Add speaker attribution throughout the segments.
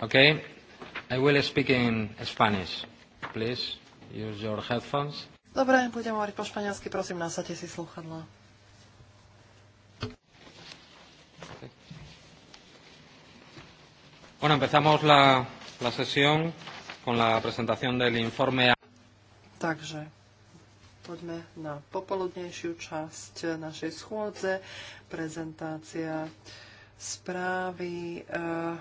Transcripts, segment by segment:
Speaker 1: Okay. I will speak in Spanish. Please use your headphones.
Speaker 2: Dobre, budem hovoriť po španielsky, prosím, nasadte si sluchadlá.
Speaker 1: Bueno, empezamos la, la sesión con la presentación del informe.
Speaker 2: Takže poďme na popoludnejšiu časť našej schôdze, prezentácia správy. Uh,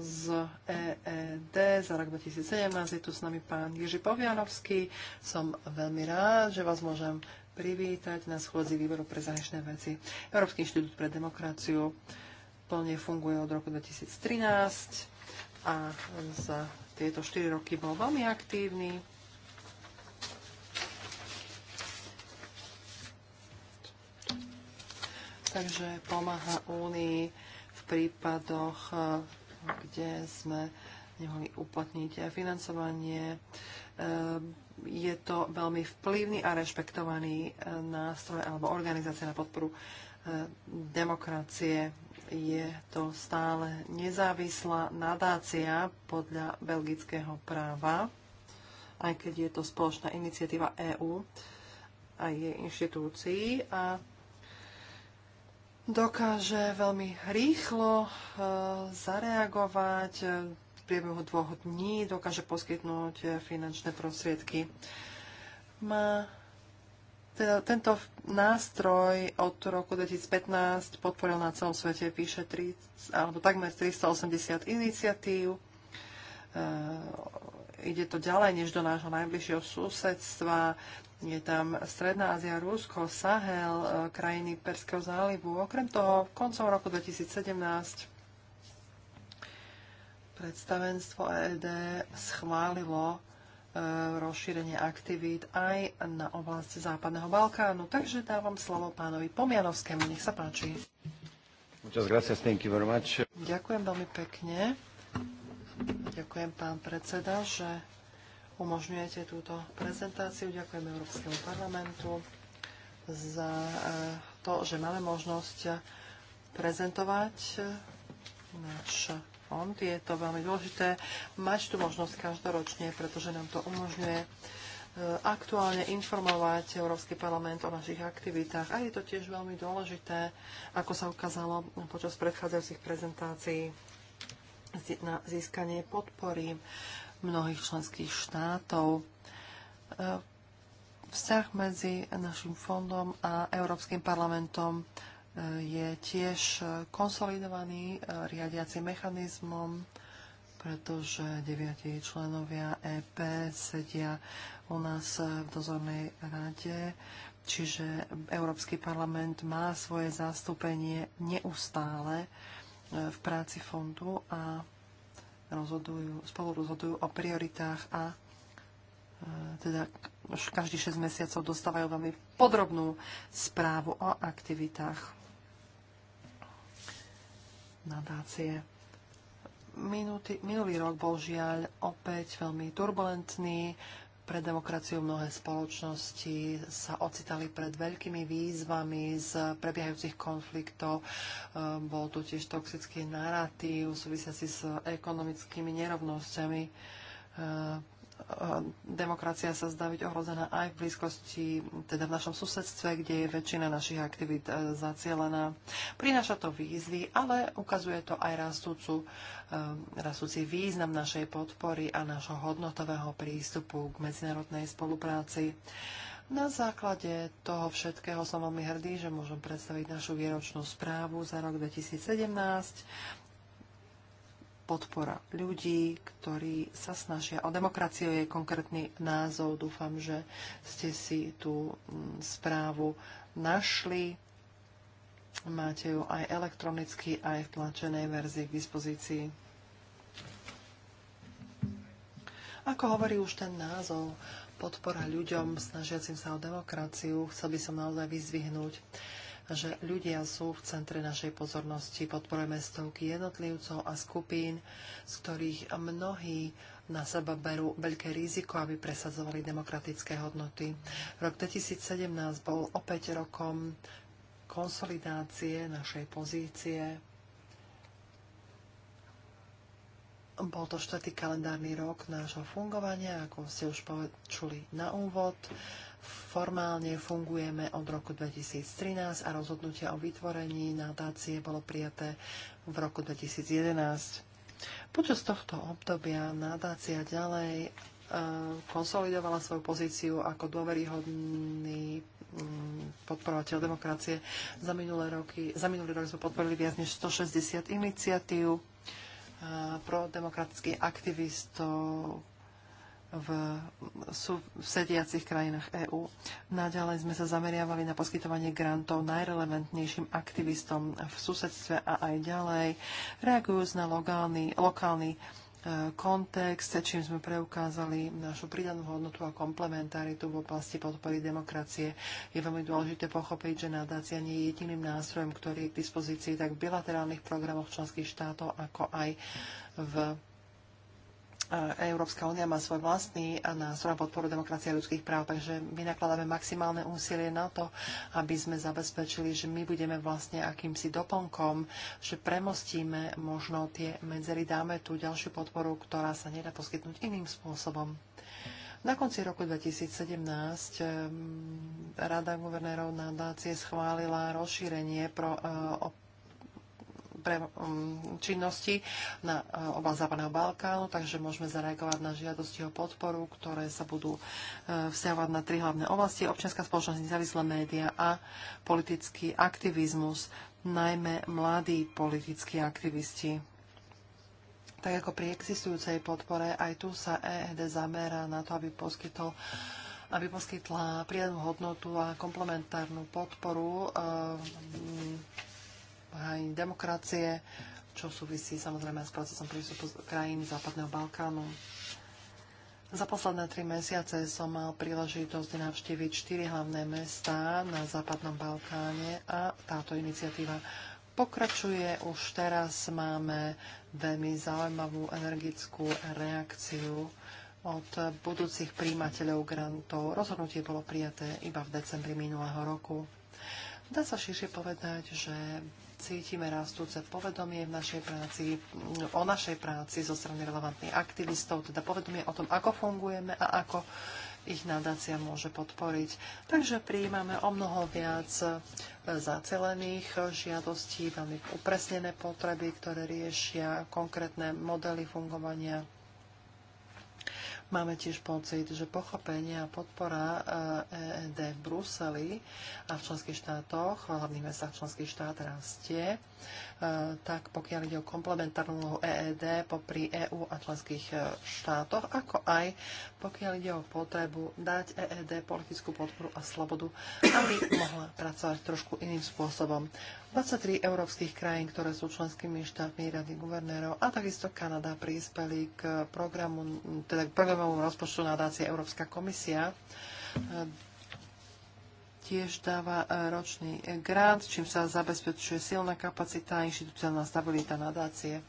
Speaker 2: z EED za rok 2017. Je tu s nami pán Jiži Povianovský. Som veľmi rád, že vás môžem privítať na schôdzi výboru pre zahraničné veci. Európsky inštitút pre demokraciu plne funguje od roku 2013 a za tieto 4 roky bol veľmi aktívny. Takže pomáha Únii v prípadoch kde sme nemohli uplatniť financovanie. E, je to veľmi vplyvný a rešpektovaný e, nástroj alebo organizácia na podporu e, demokracie. Je to stále nezávislá nadácia podľa belgického práva, aj keď je to spoločná iniciatíva EÚ a jej inštitúcií. A dokáže veľmi rýchlo e, zareagovať e, v priebehu dvoch dní, dokáže poskytnúť e, finančné prostriedky. Má teda tento nástroj od roku 2015 podporil na celom svete píše 30, alebo takmer 380 iniciatív. E, ide to ďalej než do nášho najbližšieho susedstva. Je tam Stredná Ázia, Rusko, Sahel, e, krajiny Perského zálivu. Okrem toho, koncom roku 2017 predstavenstvo EED schválilo e, rozšírenie aktivít aj na oblasti Západného Balkánu. Takže dávam slovo pánovi Pomianovskému. Nech sa páči. Ďakujem veľmi pekne. Ďakujem pán predseda, že umožňujete túto prezentáciu. Ďakujem Európskemu parlamentu za eh, to, že máme možnosť prezentovať náš fond. Je to veľmi dôležité mať tú možnosť každoročne, pretože nám to umožňuje eh, aktuálne informovať Európsky parlament o našich aktivitách. A je to tiež veľmi dôležité, ako sa ukázalo počas predchádzajúcich prezentácií, na získanie podpory mnohých členských štátov. E, vzťah medzi našim fondom a Európskym parlamentom e, je tiež konsolidovaný e, riadiacim mechanizmom, pretože deviatí členovia EP sedia u nás v dozornej rade, čiže Európsky parlament má svoje zastúpenie neustále v práci fondu a rozhodujú, spolu rozhodujú o prioritách a e, teda už každý 6 mesiacov dostávajú veľmi podrobnú správu o aktivitách nadácie. minulý rok bol žiaľ opäť veľmi turbulentný. E, pre demokraciu mnohé spoločnosti sa ocitali pred veľkými výzvami z prebiehajúcich konfliktov. E, bol tu tiež toxický narratív súvisiaci s ekonomickými nerovnosťami e, demokracia sa zdá byť ohrozená aj v blízkosti, teda v našom susedstve, kde je väčšina našich aktivít e, zacielená. Prináša to výzvy, ale ukazuje to aj rastúcu, e, rastúci význam našej podpory a nášho hodnotového prístupu k medzinárodnej spolupráci. Na základe toho všetkého som veľmi hrdý, že môžem predstaviť našu výročnú správu za rok 2017, podpora ľudí, ktorí sa snažia o demokraciu. Je konkrétny názov. Dúfam, že ste si tú mm, správu našli. Máte ju aj elektronicky, aj v tlačenej verzii k dispozícii. Ako hovorí už ten názov, podpora ľuďom snažiacim sa o demokraciu, chcel by som naozaj vyzvihnúť že ľudia sú v centre našej pozornosti. Podporujeme stovky jednotlivcov a skupín, z ktorých mnohí na seba berú veľké riziko, aby presadzovali demokratické hodnoty. Rok 2017 bol opäť rokom konsolidácie našej pozície Bol to štvrtý kalendárny rok nášho fungovania, ako ste už počuli na úvod. Formálne fungujeme od roku 2013 a rozhodnutie o vytvorení nadácie bolo prijaté v roku 2011. Počas tohto obdobia nadácia ďalej e, konsolidovala svoju pozíciu ako dôveryhodný mm, podporovateľ demokracie. Za, minulé roky, za minulý rok sme podporili viac než 160 iniciatív e, pro demokratických aktivistov, v susediacich krajinách EÚ. Naďalej sme sa zameriavali na poskytovanie grantov najrelevantnejším aktivistom v susedstve a aj ďalej, reagujúc na lokálny, lokálny e, kontext, čím sme preukázali našu pridanú hodnotu a komplementaritu v oblasti podpory demokracie. Je veľmi dôležité pochopiť, že nadácia nie je jediným nástrojom, ktorý je k dispozícii tak v bilaterálnych programoch členských štátov, ako aj v E, Európska únia má svoj vlastný e, nástroj na podporu demokracie a ľudských práv, takže my nakladáme maximálne úsilie na to, aby sme zabezpečili, že my budeme vlastne akýmsi doplnkom, že premostíme možno tie medzery, dáme tú ďalšiu podporu, ktorá sa nedá poskytnúť iným spôsobom. Na konci roku 2017 e, Rada guvernérov nadácie schválila rozšírenie pro pre um, činnosti na uh, oblasť Západného Balkánu, takže môžeme zareagovať na žiadosti o podporu, ktoré sa budú uh, vzťahovať na tri hlavné oblasti. Občianská spoločnosť, nezávislé média a politický aktivizmus, najmä mladí politickí aktivisti. Tak ako pri existujúcej podpore, aj tu sa EED zamerá na to, aby poskytol aby poskytla pridanú hodnotu a komplementárnu podporu uh, hájení demokracie, čo súvisí samozrejme s procesom prístupu krajín Západného Balkánu. Za posledné tri mesiace som mal príležitosť navštíviť štyri hlavné mestá na Západnom Balkáne a táto iniciatíva pokračuje. Už teraz máme veľmi zaujímavú energickú reakciu od budúcich príjimateľov grantov. Rozhodnutie bolo prijaté iba v decembri minulého roku. Dá sa širšie povedať, že cítime rastúce povedomie v našej práci, o našej práci zo strany relevantných aktivistov, teda povedomie o tom, ako fungujeme a ako ich nadácia môže podporiť. Takže prijímame o mnoho viac e, zacelených e, žiadostí, veľmi upresnené potreby, ktoré riešia konkrétne modely fungovania Máme tiež pocit, že pochopenie a podpora EED eh, e v Bruseli a v členských štátoch, v hlavných mestách členských štát rastie, eh, tak pokiaľ ide o komplementárnu úlohu EED popri EÚ a členských eh, štátoch, ako aj pokiaľ ide o potrebu dať EED politickú podporu a slobodu, aby mohla pracovať trošku iným spôsobom. 23 európskych krajín, ktoré sú členskými štátmi Rady guvernérov a takisto Kanada prispeli k programu, teda k programu programovom rozpočtu nadácie Európska komisia e, tiež dáva e, ročný grant, čím sa zabezpečuje silná kapacita a inštitucionálna stabilita nadácie.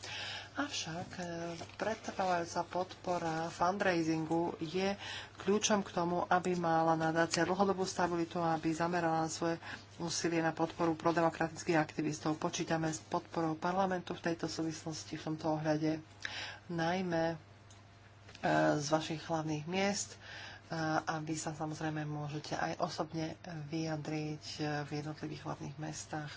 Speaker 2: Avšak e, pretrvávajúca podpora fundraisingu je kľúčom k tomu, aby mala nadácia dlhodobú stabilitu a aby zamerala svoje úsilie na podporu prodemokratických aktivistov. Počítame s podporou parlamentu v tejto súvislosti v tomto ohľade. Najmä Eh, z vašich hlavných miest eh, a vy sa samozrejme môžete aj osobne vyjadriť eh, v jednotlivých hlavných mestách.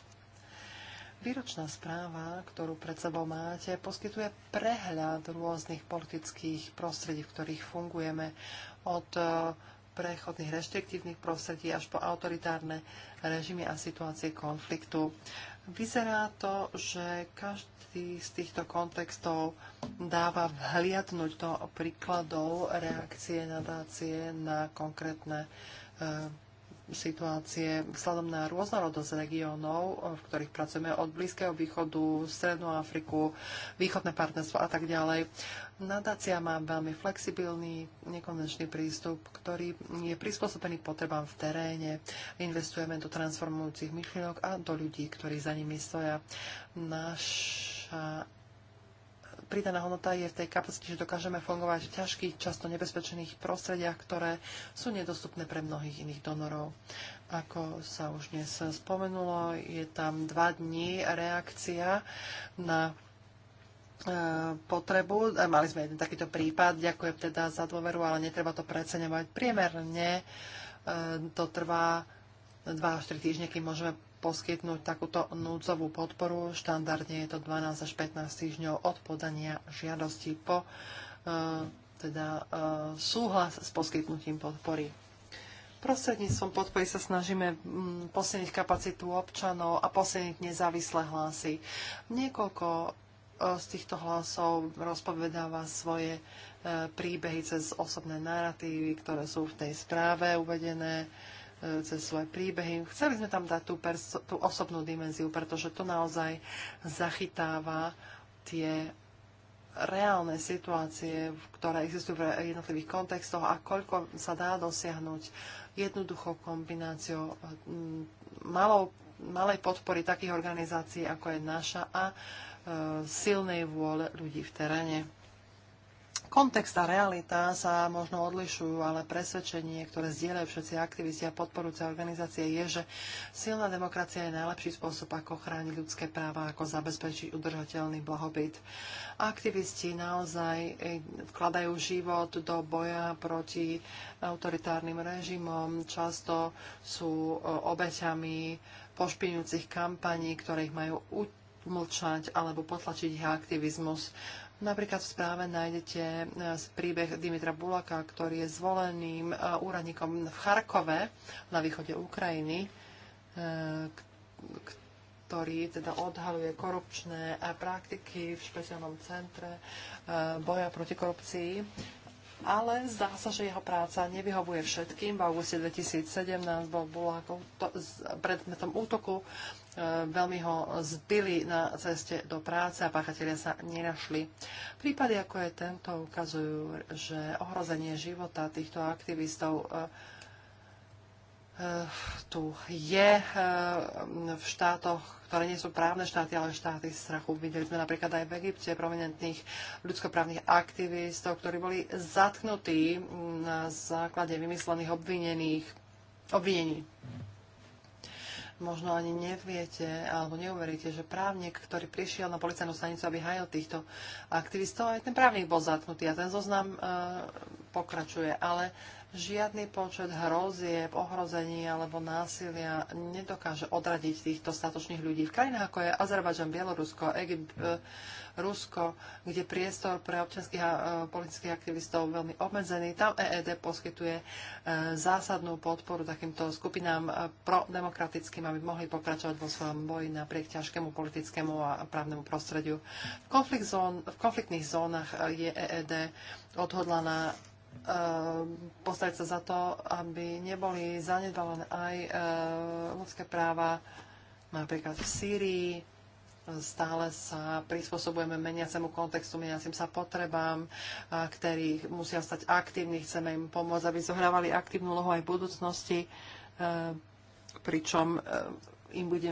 Speaker 2: Výročná správa, ktorú pred sebou máte, poskytuje prehľad rôznych politických prostredí, v ktorých fungujeme od prechodných reštriktívnych prostredí až po autoritárne režimy a situácie konfliktu. Vyzerá to, že každý z týchto kontextov dáva vhliadnúť do príkladov reakcie nadácie na konkrétne eh, situácie vzhľadom na rôznorodosť regiónov, v ktorých pracujeme od Blízkeho východu, Strednú Afriku, východné partnerstvo a tak ďalej. Nadácia má veľmi flexibilný, nekonečný prístup, ktorý je prispôsobený potrebám v teréne. Investujeme do transformujúcich myšlienok a do ľudí, ktorí za nimi stoja. Naša pridaná hodnota je v tej kapacite, že dokážeme fungovať v ťažkých, často nebezpečených prostrediach, ktoré sú nedostupné pre mnohých iných donorov. Ako sa už dnes spomenulo, je tam dva dní reakcia na e, potrebu. E, mali sme jeden takýto prípad, ďakujem teda za dôveru, ale netreba to preceňovať. Priemerne e, to trvá 2 až 3 týždne, kým môžeme poskytnúť takúto núdzovú podporu. Štandardne je to 12 až 15 týždňov od podania žiadosti po e, teda e, súhlas s poskytnutím podpory. Prostredníctvom podpory sa snažíme posilniť kapacitu občanov a posilniť nezávislé hlasy. Niekoľko e, z týchto hlasov rozpovedáva svoje príbehy cez osobné narratívy, ktoré sú v tej správe uvedené E, cez svoje príbehy. Chceli sme tam dať tú, perso- tú osobnú dimenziu, pretože to naozaj zachytáva tie reálne situácie, ktoré existujú v jednotlivých kontextoch a koľko sa dá dosiahnuť jednoduchou kombináciou mm, malou, malej podpory takých organizácií, ako je naša a e, silnej vôle ľudí v teréne. Kontext a realita sa možno odlišujú, ale presvedčenie, ktoré zdieľajú všetci aktivisti a podporujúce organizácie, je, že silná demokracia je najlepší spôsob, ako chrániť ľudské práva, ako zabezpečiť udržateľný blahobyt. Aktivisti naozaj eh, vkladajú život do boja proti autoritárnym režimom, často sú eh, obeťami pošpinujúcich kampaní, ktoré ich majú umlčať alebo potlačiť ich aktivizmus. Napríklad v správe nájdete e, príbeh Dimitra Bulaka, ktorý je zvoleným e, úradníkom v Charkove na východe Ukrajiny, e, ktorý teda odhaluje korupčné praktiky v špeciálnom centre boja proti korupcii. Ale zdá sa, že jeho práca nevyhovuje všetkým. V auguste 2017 bol Bulakov predmetom útoku Ehm, veľmi ho zbyli na ceste do práce a páchatelia sa nenašli. Prípady ako je tento ukazujú, že ohrozenie života týchto aktivistov ehm, ehm, tu je v štátoch, ktoré nie sú právne štáty, ale štáty strachu. Videli sme napríklad aj v Egypte prominentných ľudskoprávnych aktivistov, ktorí boli zatknutí mm, na základe vymyslených obvinených, obvinení možno ani neviete alebo neuveríte, že právnik, ktorý prišiel na policajnú stanicu, aby hajil týchto aktivistov, aj ten právnik bol zatknutý a ten zoznam eh, pokračuje. Ale Žiadny počet hrozieb, ohrození alebo násilia nedokáže odradiť týchto statočných ľudí. V krajinách ako je Azerbajdžan, Bielorusko, Egypt, e, Rusko, kde priestor pre občanských a e, politických aktivistov veľmi obmedzený, tam EED poskytuje e, zásadnú podporu takýmto skupinám prodemokratickým, aby mohli pokračovať vo svojom boji napriek ťažkému politickému a právnemu prostrediu. V, konflikt zón, v konfliktných zónach je EED odhodlaná Ehm, postaviť sa za to, aby neboli zanedbávané aj ehm, ľudské práva, napríklad v Sýrii. Stále sa prispôsobujeme meniacemu kontextu, meniacim sa potrebám, ktorých musia stať aktívni, chceme im pomôcť, aby zohrávali aktívnu lohu aj v budúcnosti, ehm, pričom im bude,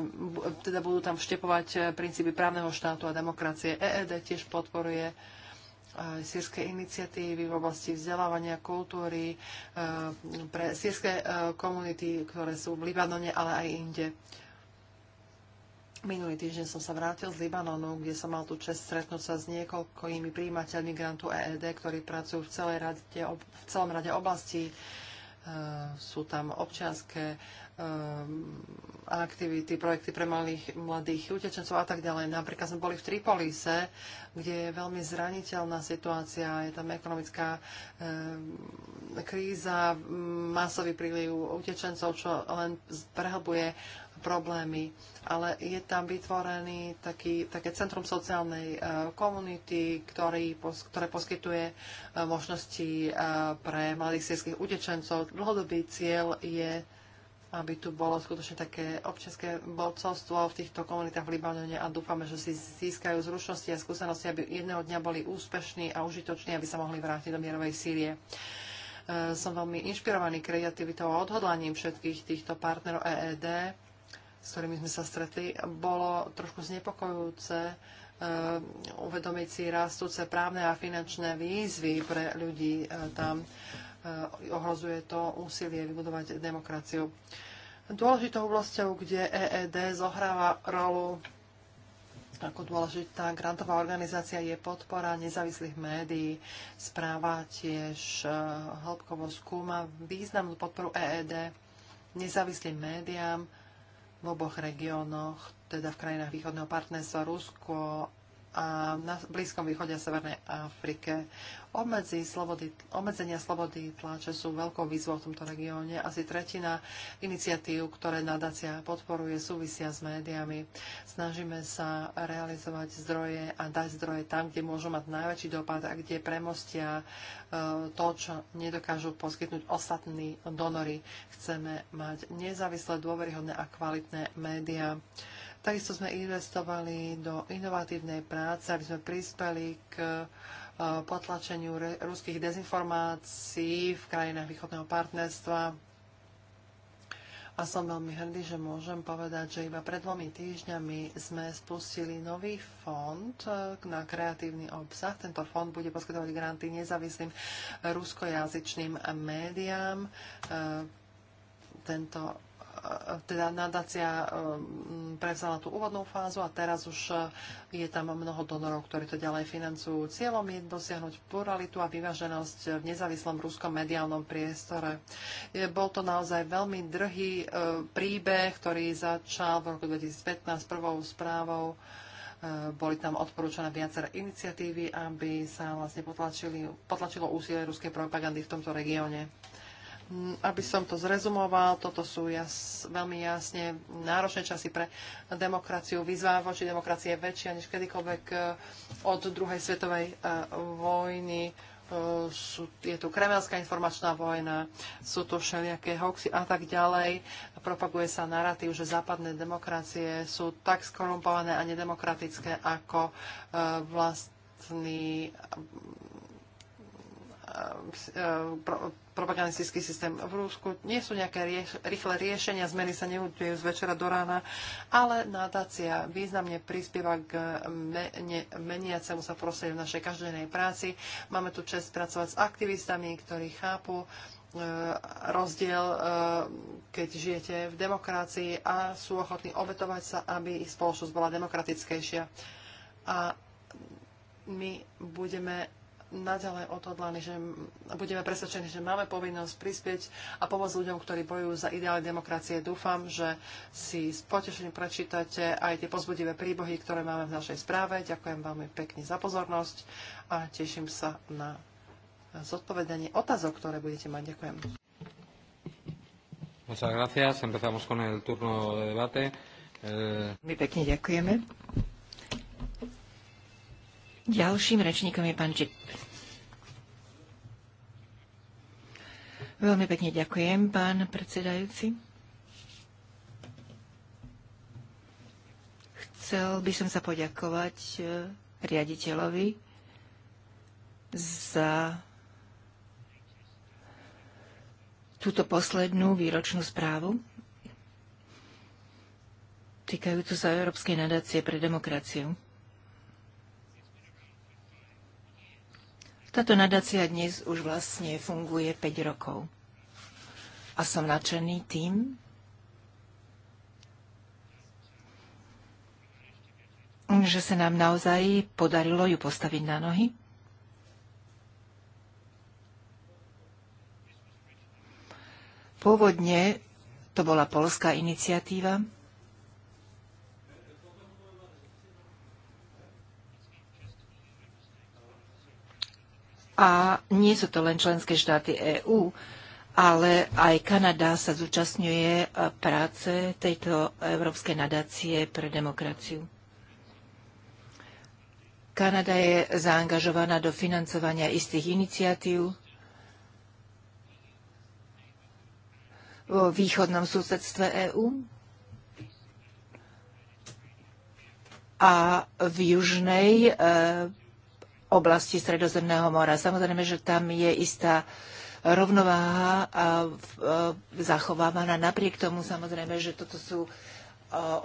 Speaker 2: teda budú tam vštepovať princípy právneho štátu a demokracie. EED tiež podporuje uh, sírskej iniciatívy v oblasti vzdelávania, kultúry e, pre sírske e, komunity, ktoré sú v Libanone, ale aj inde. Minulý týždeň som sa vrátil z Libanonu, kde som mal tú čest stretnúť sa s niekoľkými príjimateľmi grantu EED, ktorí pracujú v, celej rade, v celom rade oblastí Eh, sú tam občianské eh, aktivity, projekty pre malých, mladých utečencov a tak ďalej. Napríklad sme boli v Tripolise, kde je veľmi zraniteľná situácia, je tam ekonomická eh, kríza, masový príliv utečencov, čo len prehlbuje problémy, ale je tam vytvorený taký, také centrum sociálnej e, komunity, ktorý, ktoré poskytuje e, možnosti e, pre mladých sírskych utečencov. Dlhodobý cieľ je, aby tu bolo skutočne také občianské bolcovstvo v týchto komunitách v Libanone a dúfame, že si získajú zručnosti a skúsenosti, aby jedného dňa boli úspešní a užitoční, aby sa mohli vrátiť do mierovej Sýrie som veľmi inšpirovaný kreativitou a odhodlaním všetkých týchto partnerov EED s ktorými sme sa stretli, bolo trošku znepokojujúce eh, uvedomiť si rastúce právne a finančné výzvy pre ľudí eh, tam. Eh, ohrozuje to úsilie vybudovať demokraciu. Dôležitou oblasťou, kde EED zohráva rolu ako dôležitá grantová organizácia je podpora nezávislých médií. Správa tiež hĺbkovo skúma významnú podporu EED nezávislým médiám, v oboch regiónoch, teda v krajinách východného partnerstva Rusko a na Blízkom východe a Severnej Afrike. slobody, obmedzenia slobody tláče sú veľkou výzvou v tomto regióne. Asi tretina iniciatív, ktoré nadácia podporuje, súvisia s médiami. Snažíme sa realizovať zdroje a dať zdroje tam, kde môžu mať najväčší dopad a kde premostia e, to, čo nedokážu poskytnúť ostatní donory. Chceme mať nezávislé, dôveryhodné a kvalitné médiá. Takisto sme investovali do inovatívnej práce, aby sme prispeli k e, potlačeniu ruských dezinformácií v krajinách východného partnerstva. A som veľmi hrdý, že môžem povedať, že iba pred dvomi týždňami sme spustili nový fond e, na kreatívny obsah. Tento fond bude poskytovať granty nezávislým ruskojazyčným médiám. E, tento teda nadácia um, prevzala tú úvodnú fázu a teraz už uh, je tam mnoho donorov, ktorí to ďalej financujú. Cieľom je dosiahnuť pluralitu a vyváženosť v nezávislom ruskom mediálnom priestore. Bol to naozaj veľmi drhý uh, príbeh, ktorý začal v roku 2015 prvou správou uh, boli tam odporúčané viaceré iniciatívy, aby sa vlastne potlačilo úsilie ruskej propagandy v tomto regióne. Mm, aby som to zrezumoval, toto sú jas, veľmi jasne náročné časy pre demokraciu. Výzva voči demokracie je väčšia než kedykoľvek eh, od druhej svetovej eh, vojny. Eh, sú, je tu kremelská informačná vojna, sú tu všelijaké hoxy a tak ďalej. Propaguje sa narratív, že západné demokracie sú tak skorumpované a nedemokratické ako vlastný propagandistický systém v Rúsku. Nie sú nejaké rieš- rýchle riešenia, zmeny sa neudejú z večera do rána, ale nadácia významne prispieva k mene, meniacemu sa prostrediu v našej každodennej práci. Máme tu čest pracovať s aktivistami, ktorí chápu e, rozdiel, e, keď žijete v demokracii a sú ochotní obetovať sa, aby ich spoločnosť bola demokratickejšia. A my budeme naďalej odhodlaní, že budeme presvedčení, že máme povinnosť prispieť a pomôcť ľuďom, ktorí bojujú za ideály demokracie. Dúfam, že si s potešením prečítate aj tie pozbudivé príbohy, ktoré máme v našej správe. Ďakujem veľmi pekne za pozornosť a teším sa na zodpovedanie otázok, ktoré budete mať. Ďakujem.
Speaker 1: Muchas gracias. Empezamos con el turno de debate. Eh,
Speaker 3: My pekne ďakujeme. Ďalším rečníkom je pán Čip. Veľmi pekne ďakujem, pán predsedajúci. Chcel by som sa poďakovať e, riaditeľovi za túto poslednú výročnú správu týkajúcu sa Európskej nadácie pre demokraciu. Táto nadácia dnes už vlastne funguje 5 rokov. A som nadšený tým, že sa nám naozaj podarilo ju postaviť na nohy. Pôvodne to bola polská iniciatíva, a nie sú to len členské štáty EÚ, ale aj Kanada sa zúčastňuje e, práce tejto Európskej nadácie pre demokraciu. Kanada je zaangažovaná do financovania istých iniciatív vo východnom susedstve EÚ a v južnej e, oblasti Stredozemného mora. Samozrejme, že tam je istá rovnováha a e, zachovávaná. Napriek tomu samozrejme, že toto sú e,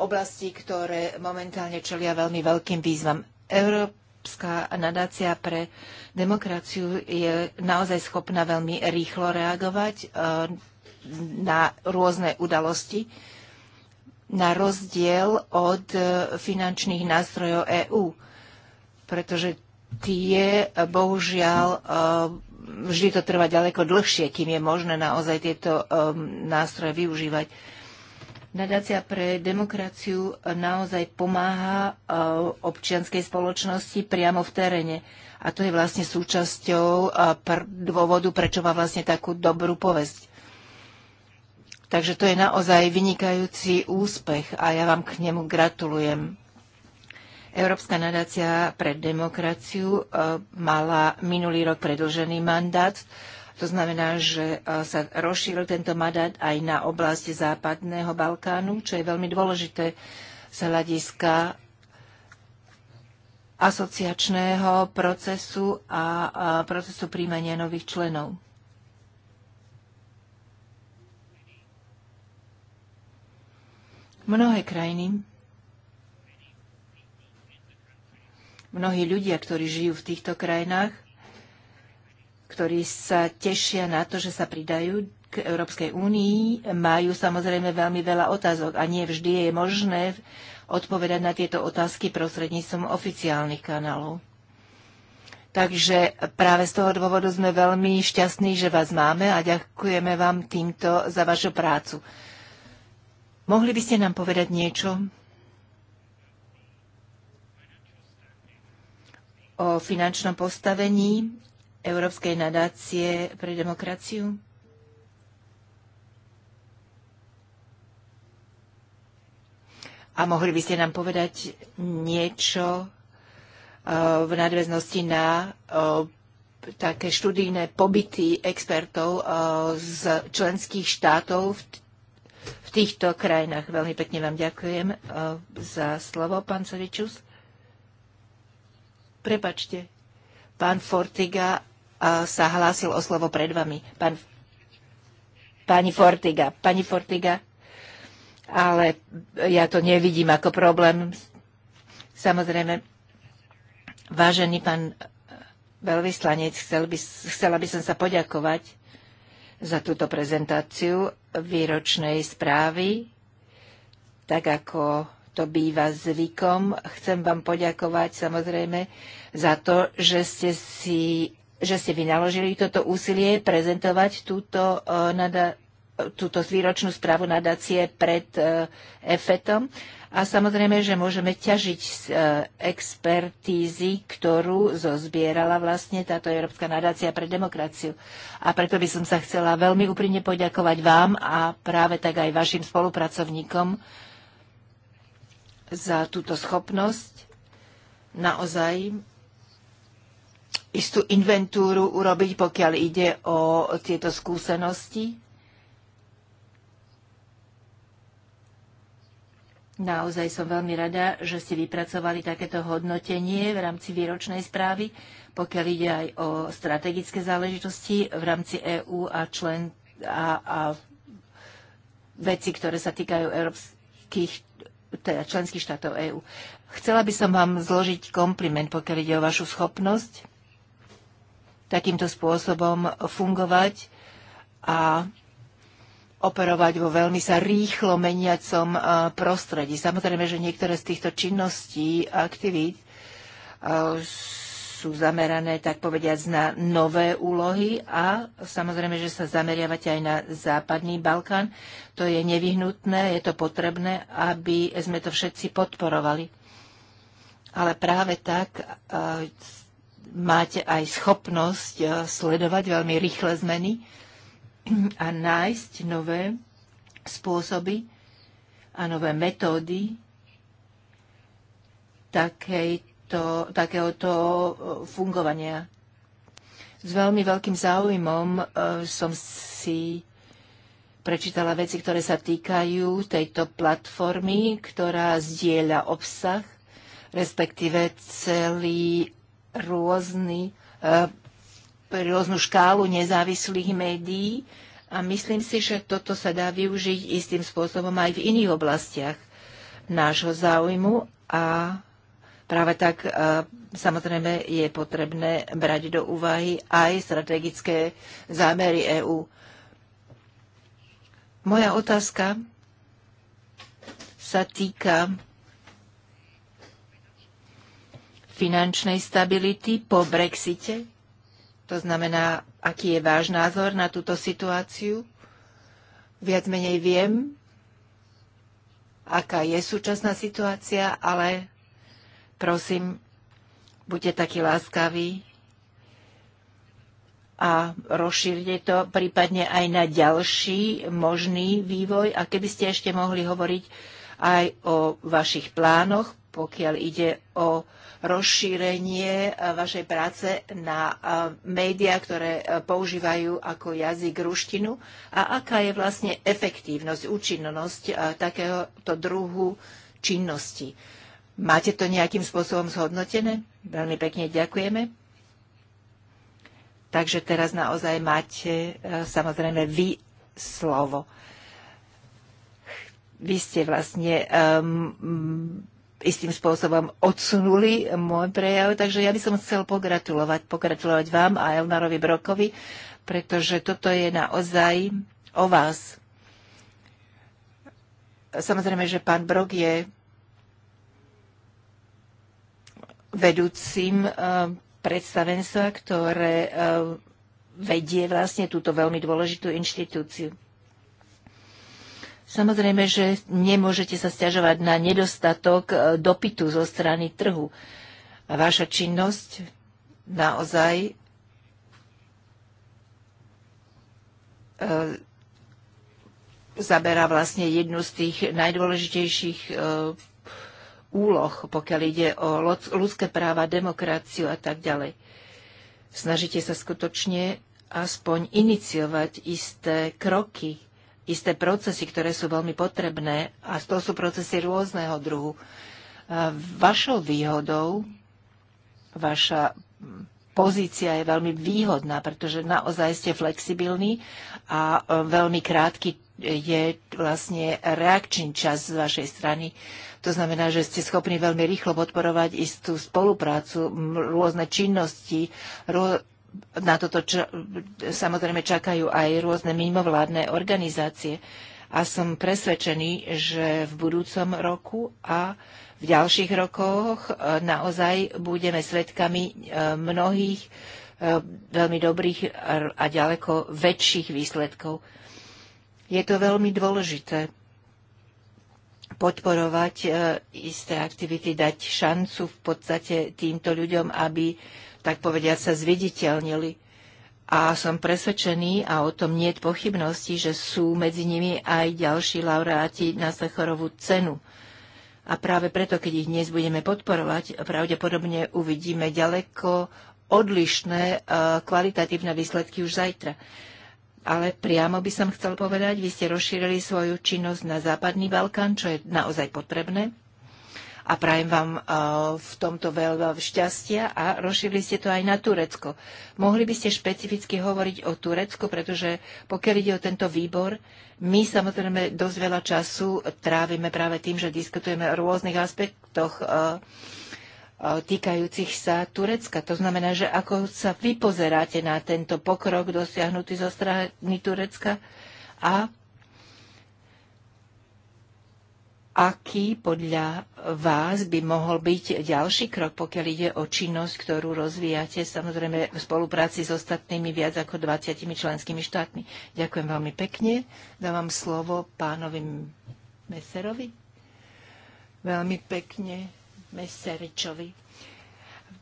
Speaker 3: oblasti, ktoré momentálne čelia veľmi veľkým výzvam. Európska nadácia pre demokraciu je naozaj schopná veľmi rýchlo reagovať e, na rôzne udalosti, na rozdiel od finančných nástrojov EÚ, pretože tie bohužiaľ eh, vždy to trvá ďaleko dlhšie, kým je možné naozaj tieto eh, nástroje využívať. Nadácia pre demokraciu naozaj pomáha eh, občianskej spoločnosti priamo v teréne. A to je vlastne súčasťou dôvodu, prečo má vlastne takú dobrú povesť. Takže to je naozaj vynikajúci úspech a ja vám k nemu gratulujem. Európska nadácia pre demokraciu e, mala minulý rok predlžený mandát. To znamená, že e, sa rozšíril tento mandát aj na oblasti západného Balkánu, čo je veľmi dôležité z hľadiska asociačného procesu a procesu príjmania nových členov. Mnohé krajiny mnohí ľudia, ktorí žijú v týchto krajinách, ktorí sa tešia na to, že sa pridajú k Európskej únii, majú samozrejme veľmi veľa otázok a nie vždy je možné odpovedať na tieto otázky prostredníctvom oficiálnych kanálov. Takže práve z toho dôvodu sme veľmi šťastní, že vás máme a ďakujeme vám týmto za vašu prácu. Mohli by ste nám povedať niečo o finančnom postavení Európskej nadácie pre demokraciu? A mohli by ste nám povedať niečo e, v nadväznosti na e, také študijné pobyty expertov e, z členských štátov v týchto krajinách. Veľmi pekne vám ďakujem za slovo, pán Savičus. Prepačte, pán Fortiga sa hlásil o slovo pred vami. Pán, pani Fortiga, pani Fortiga, ale ja to nevidím ako problém. Samozrejme, vážený pán e, veľvyslanec, chcel by, chcela by som sa poďakovať za túto prezentáciu výročnej správy, tak ako to býva zvykom. Chcem vám poďakovať samozrejme za to, že ste si že ste vynaložili toto úsilie prezentovať túto, uh, nada, túto výročnú správu nadácie pred uh, EFETom. A samozrejme, že môžeme ťažiť z uh, expertízy, ktorú zozbierala vlastne táto Európska nadácia pre demokraciu. A preto by som sa chcela veľmi úprimne poďakovať vám a práve tak aj vašim spolupracovníkom, za túto schopnosť naozaj istú inventúru urobiť, pokiaľ ide o tieto skúsenosti. Naozaj som veľmi rada, že ste vypracovali takéto hodnotenie v rámci výročnej správy, pokiaľ ide aj o strategické záležitosti v rámci EÚ a, člen, a, a veci, ktoré sa týkajú európskych teda členských štátov EÚ. Chcela by som vám zložiť kompliment, pokiaľ ide o vašu schopnosť takýmto spôsobom fungovať a operovať vo veľmi sa rýchlo meniacom prostredí. Samozrejme, že niektoré z týchto činností a aktivít sú zamerané, tak povediať, na nové úlohy a samozrejme, že sa zameriavate aj na západný Balkán. To je nevyhnutné, je to potrebné, aby sme to všetci podporovali. Ale práve tak e, máte aj schopnosť e, sledovať veľmi rýchle zmeny a nájsť nové spôsoby a nové metódy takej takéhoto, takéhoto e, fungovania. S veľmi veľkým záujmom e, som si prečítala veci, ktoré sa týkajú tejto platformy, ktorá zdieľa obsah, respektíve celý rôzny, e, rôznu škálu nezávislých médií. A myslím si, že toto sa dá využiť istým spôsobom aj v iných oblastiach nášho záujmu a Práve tak e, samozrejme je potrebné brať do úvahy aj strategické zámery EÚ. Moja otázka sa týka finančnej stability po Brexite. To znamená, aký je váš názor na túto situáciu. Viac menej viem, aká je súčasná situácia, ale Prosím, buďte takí láskaví a rozšírte to prípadne aj na ďalší možný vývoj. A keby ste ešte mohli hovoriť aj o vašich plánoch, pokiaľ ide o rozšírenie e, vašej práce na e, médiá, ktoré e, používajú ako jazyk ruštinu a aká je vlastne efektívnosť, účinnosť takéhoto druhu činnosti. Máte to nejakým spôsobom zhodnotené? Veľmi pekne ďakujeme. Takže teraz naozaj máte e, samozrejme vy slovo. Vy ste vlastne um, istým spôsobom odsunuli môj prejav, takže ja by som chcel pogratulovať, pogratulovať vám a Elmarovi Brokovi, pretože toto je naozaj o vás. Samozrejme, že pán Brok je vedúcim eh, predstavenstva, ktoré eh, vedie vlastne túto veľmi dôležitú inštitúciu. Samozrejme, že nemôžete sa stiažovať na nedostatok eh, dopytu zo strany trhu. A vaša činnosť naozaj zaberá vlastne jednu z tých najdôležitejších úloh, pokiaľ ide o ľudské práva, demokraciu a tak ďalej. Snažíte sa skutočne aspoň iniciovať isté kroky, isté procesy, ktoré sú veľmi potrebné a to sú procesy rôzneho druhu. Vašou výhodou, vaša pozícia je veľmi výhodná, pretože naozaj ste flexibilní a e, veľmi krátky je vlastne reakčný čas z vašej strany to znamená, že ste schopní veľmi rýchlo podporovať istú spoluprácu, rôzne činnosti, rô... na toto ča... samozrejme čakajú aj rôzne mimovládne organizácie. A som presvedčený, že v budúcom roku a v ďalších rokoch e, naozaj budeme svedkami e, mnohých e, veľmi dobrých a ďaleko väčších výsledkov. Je to veľmi dôležité podporovať e, isté aktivity, dať šancu v podstate týmto ľuďom, aby, tak povediať, sa zviditeľnili. A som presvedčený, a o tom nie je pochybnosti, že sú medzi nimi aj ďalší laureáti na Sachorovú cenu. A práve preto, keď ich dnes budeme podporovať, pravdepodobne uvidíme ďaleko odlišné e, kvalitatívne výsledky už zajtra ale priamo by som chcel povedať, vy ste rozšírili svoju činnosť na Západný Balkán, čo je naozaj potrebné. A prajem vám eh, v tomto veľa šťastia a rozšírili ste to aj na Turecko. Mohli by ste špecificky hovoriť o Turecku, pretože pokiaľ ide o tento výbor, my samozrejme dosť veľa času trávime práve tým, že diskutujeme o rôznych aspektoch uh, E, týkajúcich sa Turecka. To znamená, že ako sa vy pozeráte na tento pokrok dosiahnutý zo strany Turecka a aký podľa vás by mohol byť ďalší krok, pokiaľ ide o činnosť, ktorú rozvíjate, samozrejme v spolupráci s ostatnými viac ako 20 členskými štátmi. Ďakujem veľmi pekne. Dávam slovo pánovi Meserovi. Veľmi pekne Meseričovi.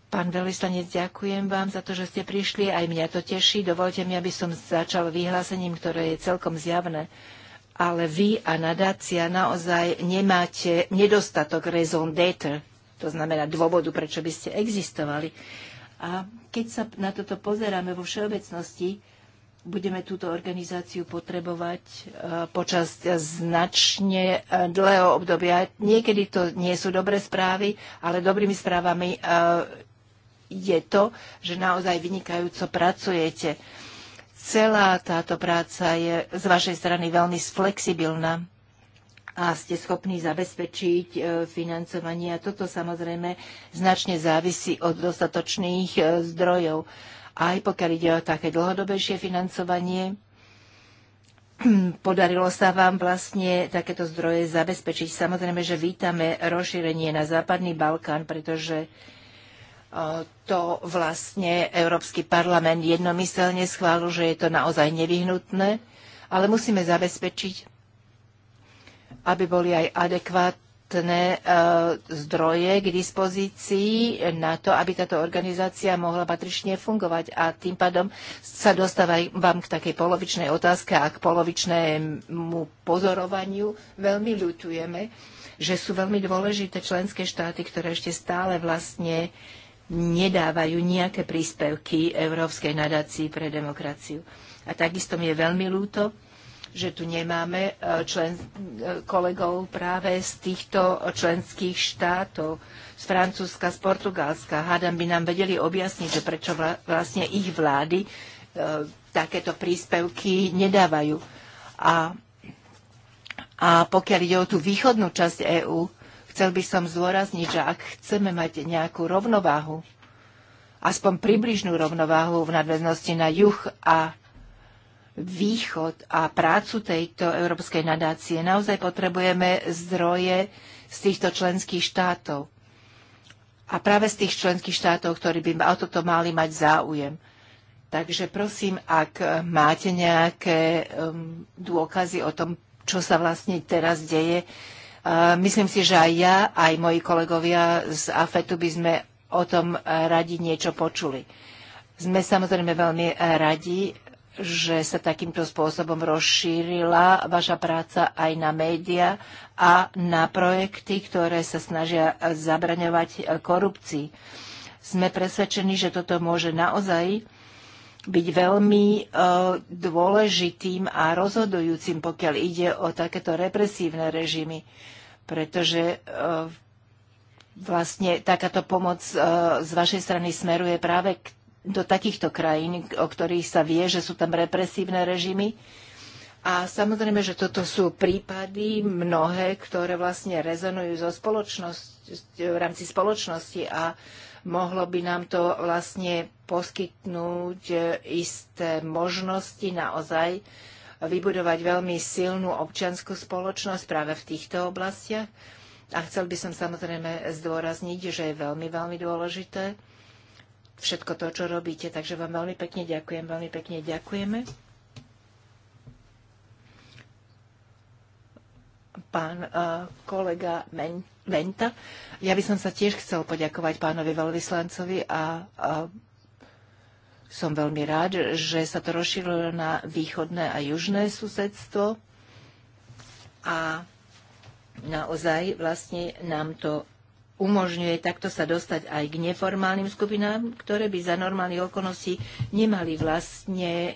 Speaker 3: Pán veľvyslanec, ďakujem vám za to, že ste prišli. Aj mňa to teší. Dovolte mi, aby som začal vyhlásením, ktoré je celkom zjavné. Ale vy a nadácia naozaj nemáte nedostatok raison d'être, to znamená dôvodu, prečo by ste existovali. A keď sa na toto pozeráme vo všeobecnosti, budeme túto organizáciu potrebovať e, počas značne e, dlhého obdobia. Niekedy to nie sú dobré správy, ale dobrými správami e, je to, že naozaj vynikajúco pracujete. Celá táto práca je z vašej strany veľmi flexibilná a ste schopní zabezpečiť financovanie. A toto samozrejme značne závisí od dostatočných zdrojov aj pokiaľ ide o také dlhodobejšie financovanie, podarilo sa vám vlastne takéto zdroje zabezpečiť. Samozrejme, že vítame rozšírenie na Západný Balkán, pretože to vlastne Európsky parlament jednomyselne schválil, že je to naozaj nevyhnutné, ale musíme zabezpečiť, aby boli aj adekvát, platné e, zdroje k dispozícii na to, aby táto organizácia mohla patrične fungovať. A tým pádom sa dostávam vám k takej polovičnej otázke a k polovičnému pozorovaniu. Veľmi ľutujeme, že sú veľmi dôležité členské štáty, ktoré ešte stále vlastne nedávajú nejaké príspevky Európskej nadácii pre demokraciu. A takisto mi je veľmi ľúto, že tu nemáme e, člen, e, kolegov práve z týchto členských štátov, z Francúzska, z Portugalska. Hádam by nám vedeli objasniť, že prečo vlastne ich vlády e, takéto príspevky nedávajú. A, a pokiaľ ide o tú východnú časť EÚ, chcel by som zdôrazniť, že ak chceme mať nejakú rovnováhu aspoň približnú rovnováhu v nadväznosti na juh a východ a prácu tejto Európskej nadácie. Naozaj potrebujeme zdroje z týchto členských štátov. A práve z tých členských štátov, ktorí by o toto mali mať záujem. Takže prosím, ak máte nejaké um, dôkazy o tom, čo sa vlastne teraz deje, uh, myslím si, že aj ja, aj moji kolegovia z AFETu by sme o tom radi niečo počuli. Sme samozrejme veľmi radi, že sa takýmto spôsobom rozšírila vaša práca aj na média a na projekty, ktoré sa snažia zabraňovať korupcii. Sme presvedčení, že toto môže naozaj byť veľmi e, dôležitým a rozhodujúcim, pokiaľ ide o takéto represívne režimy, pretože e, vlastne takáto pomoc e, z vašej strany smeruje práve k do takýchto krajín, o ktorých sa vie, že sú tam represívne režimy. A samozrejme, že toto sú prípady mnohé, ktoré vlastne rezonujú zo v rámci spoločnosti a mohlo by nám to vlastne poskytnúť isté možnosti naozaj vybudovať veľmi silnú občianskú spoločnosť práve v týchto oblastiach. A chcel by som samozrejme zdôrazniť, že je veľmi, veľmi dôležité, všetko to, čo robíte. Takže vám veľmi pekne ďakujem, veľmi pekne ďakujeme. Pán uh, kolega Men- Venta, ja by som sa tiež chcel poďakovať pánovi veľvyslancovi a uh, som veľmi rád, že sa to rozšírilo na východné a južné susedstvo a naozaj vlastne nám to umožňuje takto sa dostať aj k neformálnym skupinám, ktoré by za normálnych okolnosti nemali vlastne e,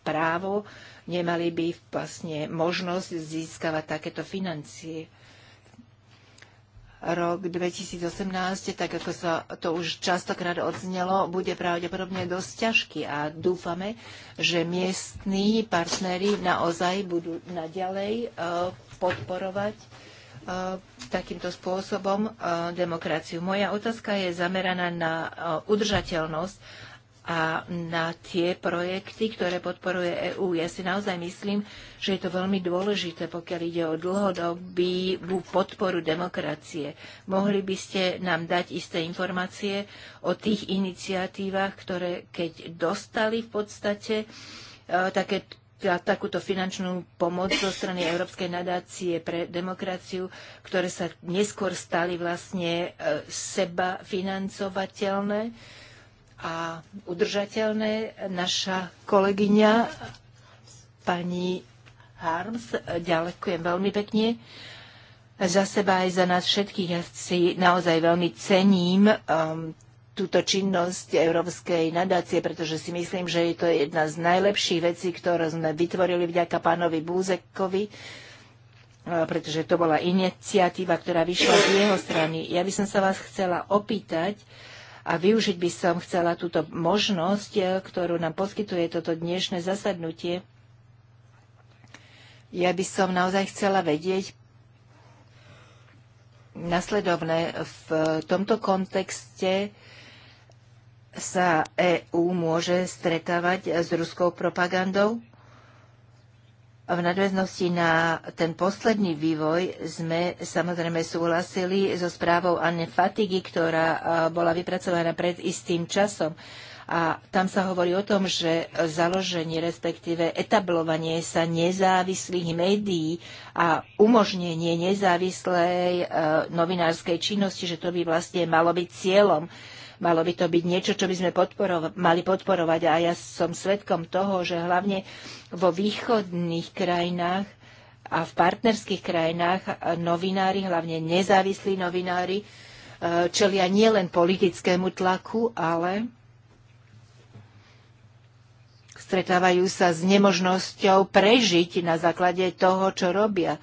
Speaker 3: právo, nemali by vlastne možnosť získavať takéto financie. Rok 2018, tak ako sa to už častokrát odznelo, bude pravdepodobne dosť ťažký a dúfame, že miestní partnery naozaj budú naďalej e, podporovať E, takýmto spôsobom e, demokraciu. Moja otázka je zameraná na e, udržateľnosť a na tie projekty, ktoré podporuje EÚ. Ja si naozaj myslím, že je to veľmi dôležité, pokiaľ ide o dlhodobú podporu demokracie. Mohli by ste nám dať isté informácie o tých iniciatívach, ktoré keď dostali v podstate také takúto finančnú pomoc zo strany Európskej nadácie pre demokraciu, ktoré sa neskôr stali vlastne e, seba financovateľné a udržateľné. Naša kolegyňa pani Harms, e, ďakujem veľmi pekne za seba aj za nás všetkých. Ja si naozaj veľmi cením um, túto činnosť Európskej nadácie, pretože si myslím, že je to jedna z najlepších vecí, ktoré sme vytvorili vďaka pánovi Búzekovi, pretože to bola iniciatíva, ktorá vyšla z jeho strany. Ja by som sa vás chcela opýtať a využiť by som chcela túto možnosť, e, ktorú nám poskytuje toto dnešné zasadnutie. Ja by som naozaj chcela vedieť, nasledovné v tomto kontexte sa EÚ môže stretávať s ruskou propagandou? V nadväznosti na ten posledný vývoj sme samozrejme súhlasili so správou Anne Fatigy, ktorá e, bola vypracovaná pred istým časom. A tam sa hovorí o tom, že založenie, respektíve etablovanie sa nezávislých médií a umožnenie nezávislej e, novinárskej činnosti, že to by vlastne malo byť cieľom Malo by to byť niečo, čo by sme podporova- mali podporovať. A ja som svedkom toho, že hlavne vo východných krajinách a v partnerských krajinách novinári, hlavne nezávislí novinári, e, čelia nielen politickému tlaku, ale stretávajú sa s nemožnosťou prežiť na základe toho, čo robia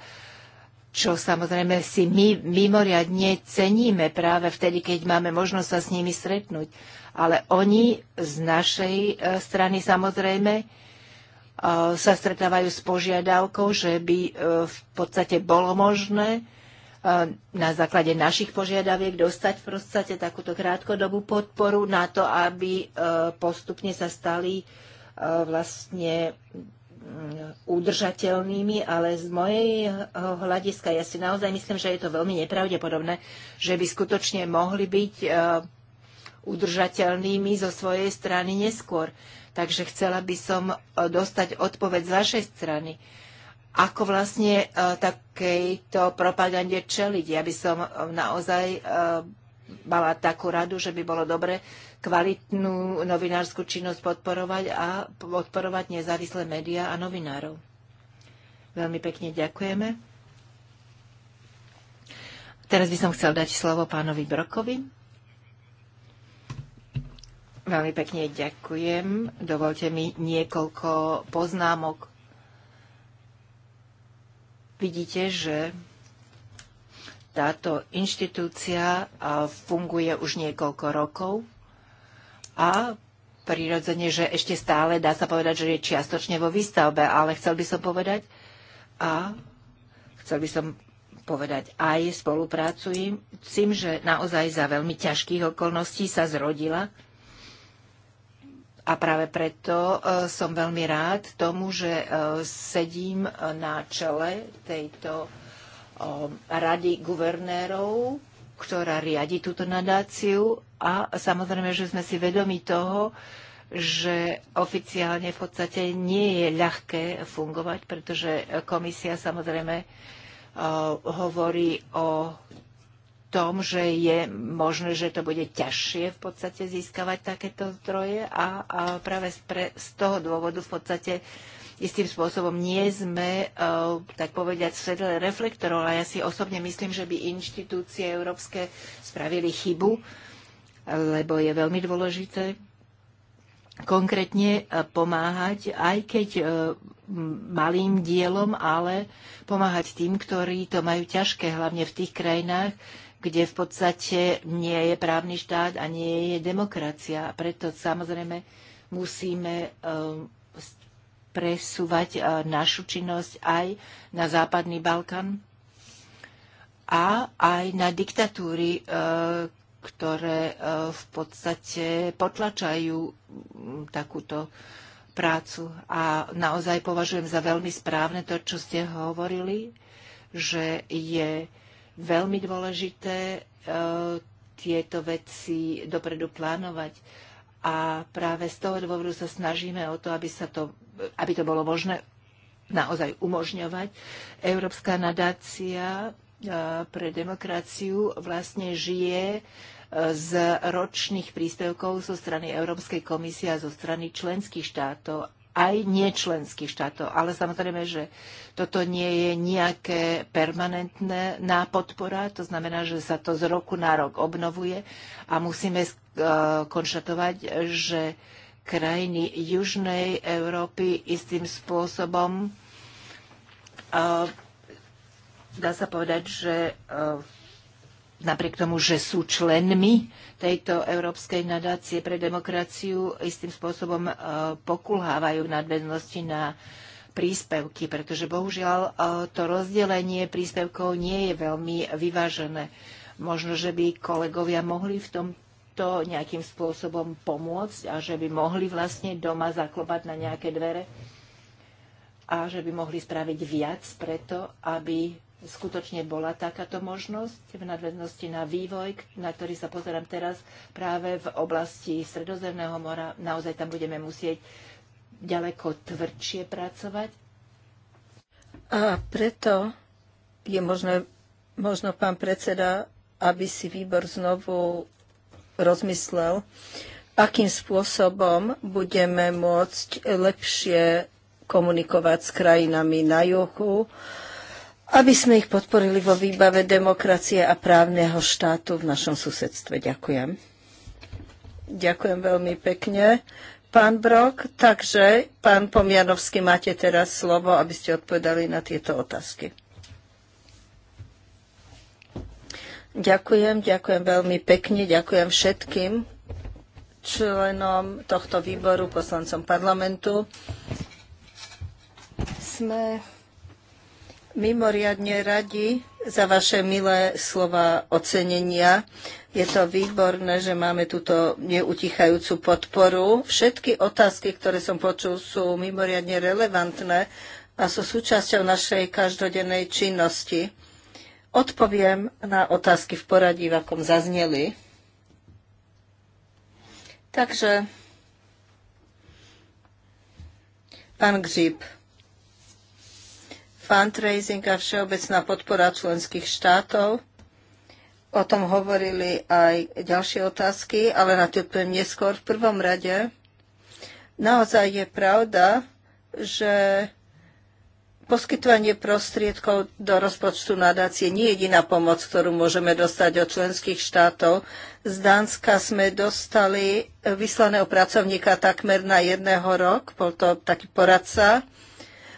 Speaker 3: čo samozrejme si my mimoriadne ceníme práve vtedy, keď máme možnosť sa s nimi stretnúť. Ale oni z našej e, strany samozrejme e, sa stretávajú s požiadavkou, že by e, v podstate bolo možné na základe našich požiadaviek dostať v podstate takúto krátkodobú podporu na to, aby postupne sa stali vlastne Mm, udržateľnými, ale z mojej eh, hľadiska ja si naozaj myslím, že je to veľmi nepravdepodobné, že by skutočne mohli byť eh, udržateľnými zo svojej strany neskôr. Takže chcela by som eh, dostať odpoveď z vašej strany. Ako vlastne takejto propagande čeliť? Ja by som naozaj mala takú radu, že by bolo dobre kvalitnú novinárskú činnosť podporovať a podporovať nezávislé médiá a novinárov. Veľmi pekne ďakujeme. Teraz by som chcel dať slovo pánovi Brokovi. Veľmi pekne ďakujem. Dovolte mi niekoľko poznámok. Vidíte, že táto inštitúcia funguje už niekoľko rokov a prirodzene, že ešte stále dá sa povedať, že je čiastočne vo výstavbe, ale chcel by som povedať a chcel by som povedať aj spolupracujúcim, že naozaj za veľmi ťažkých okolností sa zrodila a práve preto e, som veľmi rád tomu, že e, sedím e, na čele tejto Um, rady guvernérov, ktorá riadi túto nadáciu a samozrejme, že sme si vedomi toho, že oficiálne v podstate nie je ľahké fungovať, pretože komisia samozrejme uh, hovorí o tom, že je možné, že to bude ťažšie v podstate získavať takéto zdroje a, a práve z, pre, z toho dôvodu v podstate uh, istým spôsobom nie sme, eh, tak povediať, v reflektorov. A ja si osobne myslím, že by inštitúcie európske spravili chybu, lebo je veľmi dôležité konkrétne eh, pomáhať, aj keď eh, malým dielom, ale pomáhať tým, ktorí to majú ťažké, hlavne v tých krajinách, kde v podstate nie je právny štát a nie je demokracia. A preto samozrejme musíme presúvať e, našu činnosť aj na Západný Balkán a aj na diktatúry, e, ktoré e, v podstate potlačajú takúto prácu. A naozaj považujem za veľmi správne to, čo ste hovorili, že je veľmi dôležité tieto veci dopredu plánovať. A práve z toho dôvodu sa snažíme o to, aby sa to aby to bolo možné naozaj umožňovať. Európska nadácia e, pre demokraciu vlastne žije e, z ročných príspevkov zo strany Európskej komisie a zo strany členských štátov aj nečlenských štátov. Ale samozrejme, že toto nie je nejaké permanentné podpora, to znamená, že sa to z roku na rok obnovuje a musíme e, konštatovať, že krajiny Južnej Európy istým spôsobom. Dá sa povedať, že napriek tomu, že sú členmi tejto Európskej nadácie pre demokraciu, istým spôsobom pokulhávajú v nadväznosti na príspevky, pretože bohužiaľ to rozdelenie príspevkov nie je veľmi vyvážené. Možno, že by kolegovia mohli v tom to nejakým spôsobom pomôcť a že by mohli vlastne doma zaklopať na nejaké dvere a že by mohli spraviť viac preto, aby skutočne bola takáto možnosť v nadväznosti na vývoj, na ktorý sa pozerám teraz práve v oblasti Stredozemného mora. Naozaj tam budeme musieť ďaleko tvrdšie pracovať.
Speaker 1: A preto je možné, možno pán predseda, aby si výbor znovu rozmyslel, akým spôsobom budeme môcť lepšie komunikovať s krajinami na juhu, aby sme ich podporili vo výbave demokracie a právneho štátu v našom susedstve. Ďakujem. Ďakujem veľmi pekne. Pán Brok, takže pán Pomianovský, máte teraz slovo, aby ste odpovedali na tieto otázky. Ďakujem, ďakujem veľmi pekne, ďakujem všetkým členom tohto výboru, poslancom parlamentu. Sme mimoriadne radi za vaše milé slova ocenenia. Je to výborné, že máme túto neutichajúcu podporu. Všetky otázky, ktoré som počul, sú mimoriadne relevantné a sú súčasťou našej každodennej činnosti. Odpoviem na otázky v poradí, v akom zazneli. Takže pán Gžip, fundraising a všeobecná podpora členských štátov. O tom hovorili aj ďalšie otázky, ale na to poviem neskôr. V prvom rade naozaj je pravda, že Poskytovanie prostriedkov do rozpočtu nadácie nie je jediná pomoc, ktorú môžeme dostať od členských štátov. Z Dánska sme dostali vyslaného pracovníka takmer na jedného rok. Bol to taký poradca,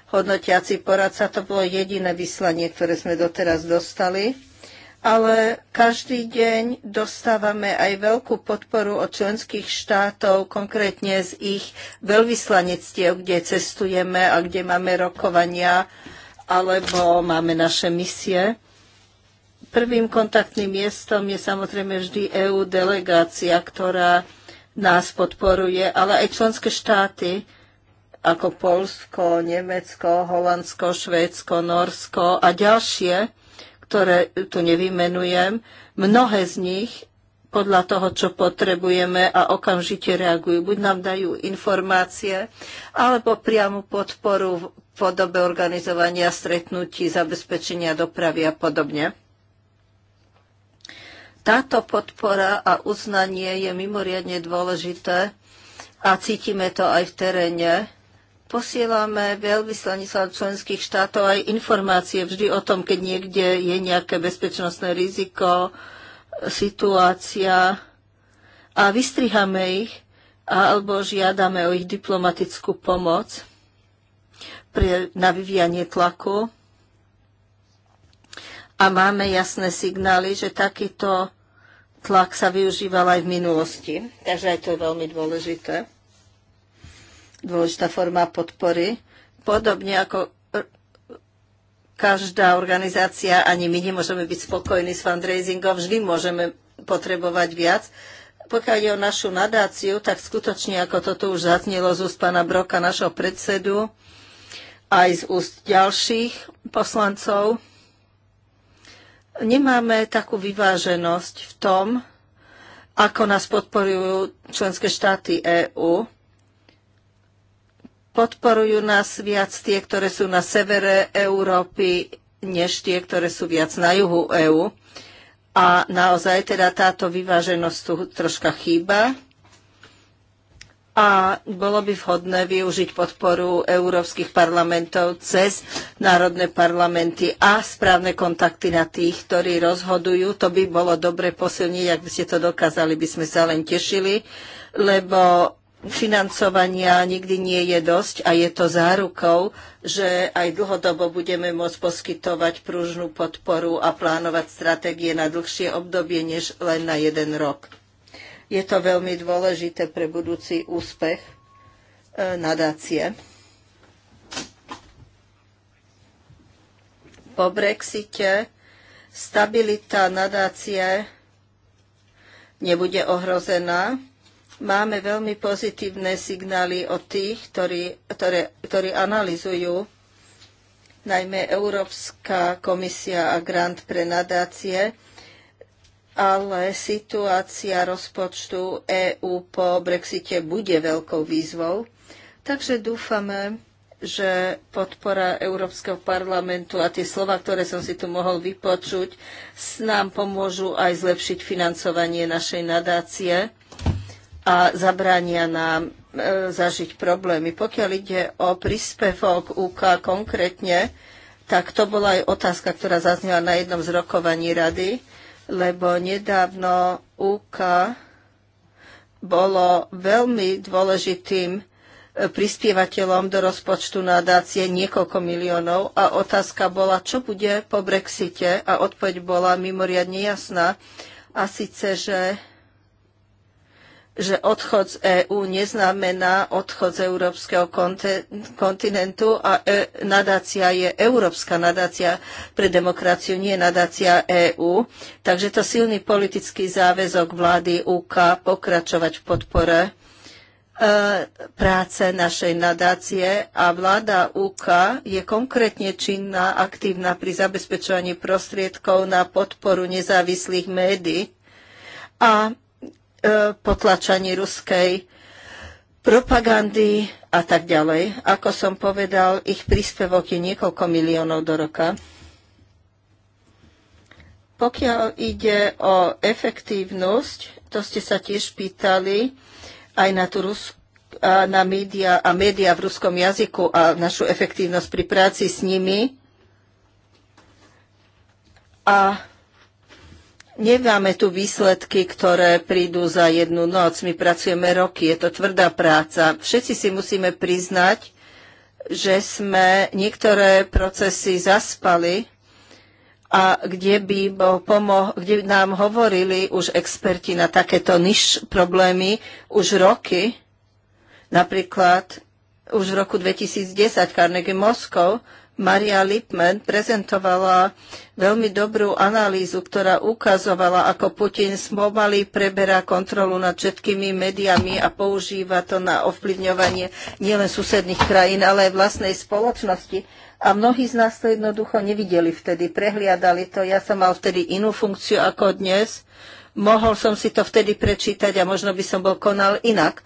Speaker 1: hodnotiaci poradca. To bolo jediné vyslanie, ktoré sme doteraz dostali ale každý deň dostávame aj veľkú podporu od členských štátov, konkrétne z ich veľvyslanectiev, kde cestujeme a kde máme rokovania alebo máme naše misie. Prvým kontaktným miestom je samozrejme vždy EU delegácia, ktorá nás podporuje, ale aj členské štáty ako Polsko, Nemecko, Holandsko, Švédsko, Norsko a ďalšie ktoré tu nevymenujem, mnohé z nich podľa toho, čo potrebujeme a okamžite reagujú. Buď nám dajú informácie, alebo priamu podporu v podobe organizovania stretnutí, zabezpečenia dopravy a podobne. Táto podpora a uznanie je mimoriadne dôležité a cítime to aj v teréne, posielame od členských štátov aj informácie vždy o tom, keď niekde je nejaké bezpečnostné riziko, situácia a vystrihame ich alebo žiadame o ich diplomatickú pomoc pre, na vyvíjanie tlaku. A máme jasné signály, že takýto tlak sa využíval aj v minulosti. Takže aj to je veľmi dôležité dôležitá forma podpory. Podobne ako každá organizácia, ani my nemôžeme byť spokojní s fundraisingom, vždy môžeme potrebovať viac. Pokiaľ je o našu nadáciu, tak skutočne, ako toto už zaznelo z úst pána Broka, našho predsedu, aj z úst ďalších poslancov, nemáme takú vyváženosť v tom, ako nás podporujú členské štáty EÚ podporujú nás viac tie, ktoré sú na severe Európy, než tie, ktoré sú viac na juhu EÚ. A naozaj teda táto vyváženosť tu troška chýba. A bolo by vhodné využiť podporu európskych parlamentov cez národné parlamenty a správne kontakty na tých, ktorí rozhodujú. To by bolo dobre posilniť, ak by ste to dokázali, by sme sa len tešili, lebo financovania nikdy nie je dosť a je to zárukou, že aj dlhodobo budeme môcť poskytovať pružnú podporu a plánovať stratégie na dlhšie obdobie než len na jeden rok. Je to veľmi dôležité pre budúci úspech e, nadácie. Po Brexite stabilita nadácie nebude ohrozená Máme veľmi pozitívne signály od tých, ktorí, ktoré, ktorí analizujú najmä Európska komisia a grant pre nadácie, ale situácia rozpočtu EÚ po Brexite bude veľkou výzvou. Takže dúfame, že podpora Európskeho parlamentu a tie slova, ktoré som si tu mohol vypočuť, s nám pomôžu aj zlepšiť financovanie našej nadácie a zabránia nám e, zažiť problémy. Pokiaľ ide o príspevok UK konkrétne, tak to bola aj otázka, ktorá zaznela na jednom z rokovaní rady, lebo nedávno UK bolo veľmi dôležitým e, prispievateľom do rozpočtu dácie niekoľko miliónov a otázka bola, čo bude po Brexite a odpoveď bola mimoriadne jasná a síce, že že odchod z EÚ neznamená odchod z európskeho kontinentu a e, nadácia je Európska nadácia pre demokraciu, nie nadácia EÚ. Takže to silný politický záväzok vlády UK pokračovať v podpore e, práce našej nadácie a vláda UK je konkrétne činná, aktívna pri zabezpečovaní prostriedkov na podporu nezávislých médií a E, potlačaní ruskej propagandy a tak ďalej. Ako som povedal, ich príspevok je niekoľko miliónov do roka. Pokiaľ ide o efektívnosť, to ste sa tiež pýtali aj na, tú Rus- a na média a média v ruskom jazyku a našu efektívnosť pri práci s nimi. A Nemáme tu výsledky, ktoré prídu za jednu noc. My pracujeme roky, je to tvrdá práca. Všetci si musíme priznať, že sme niektoré procesy zaspali a kde by bol pomo- kde by nám hovorili už experti na takéto niž problémy už roky, napríklad už v roku 2010 Carnegie Moscow. Maria Lipman prezentovala veľmi dobrú analýzu, ktorá ukazovala, ako Putin spomaly preberá kontrolu nad všetkými médiami a používa to na ovplyvňovanie nielen susedných krajín, ale aj vlastnej spoločnosti. A mnohí z nás to jednoducho nevideli vtedy, prehliadali to. Ja som mal vtedy inú funkciu ako dnes. Mohol som si to vtedy prečítať a možno by som bol konal inak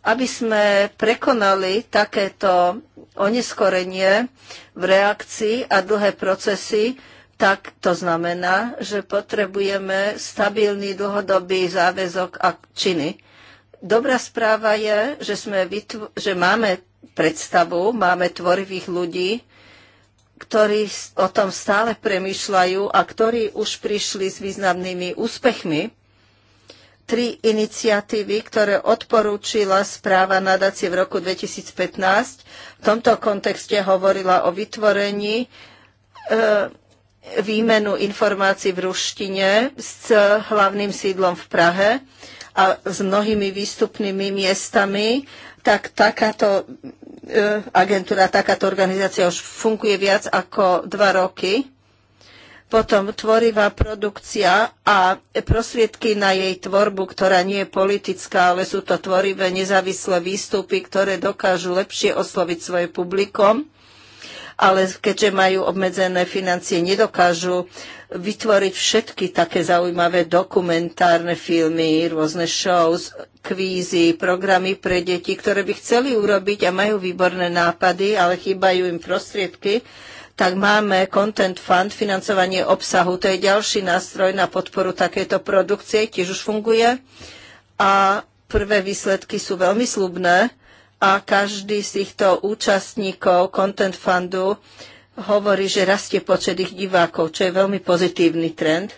Speaker 1: aby sme prekonali takéto oneskorenie v reakcii a dlhé procesy, tak to znamená, že potrebujeme stabilný dlhodobý záväzok a činy. Dobrá správa je, že, sme že máme predstavu, máme tvorivých ľudí, ktorí o tom stále premyšľajú a ktorí už prišli s významnými úspechmi tri iniciatívy, ktoré odporúčila správa nadácie v roku 2015. V tomto kontexte hovorila o vytvorení e, výmenu informácií v ruštine s hlavným sídlom v Prahe a s mnohými výstupnými miestami, tak takáto e, agentúra, takáto organizácia už funguje viac ako dva roky potom tvorivá produkcia a prostriedky na jej tvorbu, ktorá nie je politická, ale sú to tvorivé nezávislé výstupy, ktoré dokážu lepšie osloviť svoje publikom, ale keďže majú obmedzené financie, nedokážu vytvoriť všetky také zaujímavé dokumentárne filmy, rôzne shows, kvízy, programy pre deti, ktoré by chceli urobiť a majú výborné nápady, ale chýbajú im prostriedky, tak máme Content Fund, financovanie obsahu. To je ďalší nástroj na podporu takejto produkcie, tiež už funguje. A prvé výsledky sú veľmi slubné a každý z týchto účastníkov Content Fundu hovorí, že rastie počet ich divákov, čo je veľmi pozitívny trend.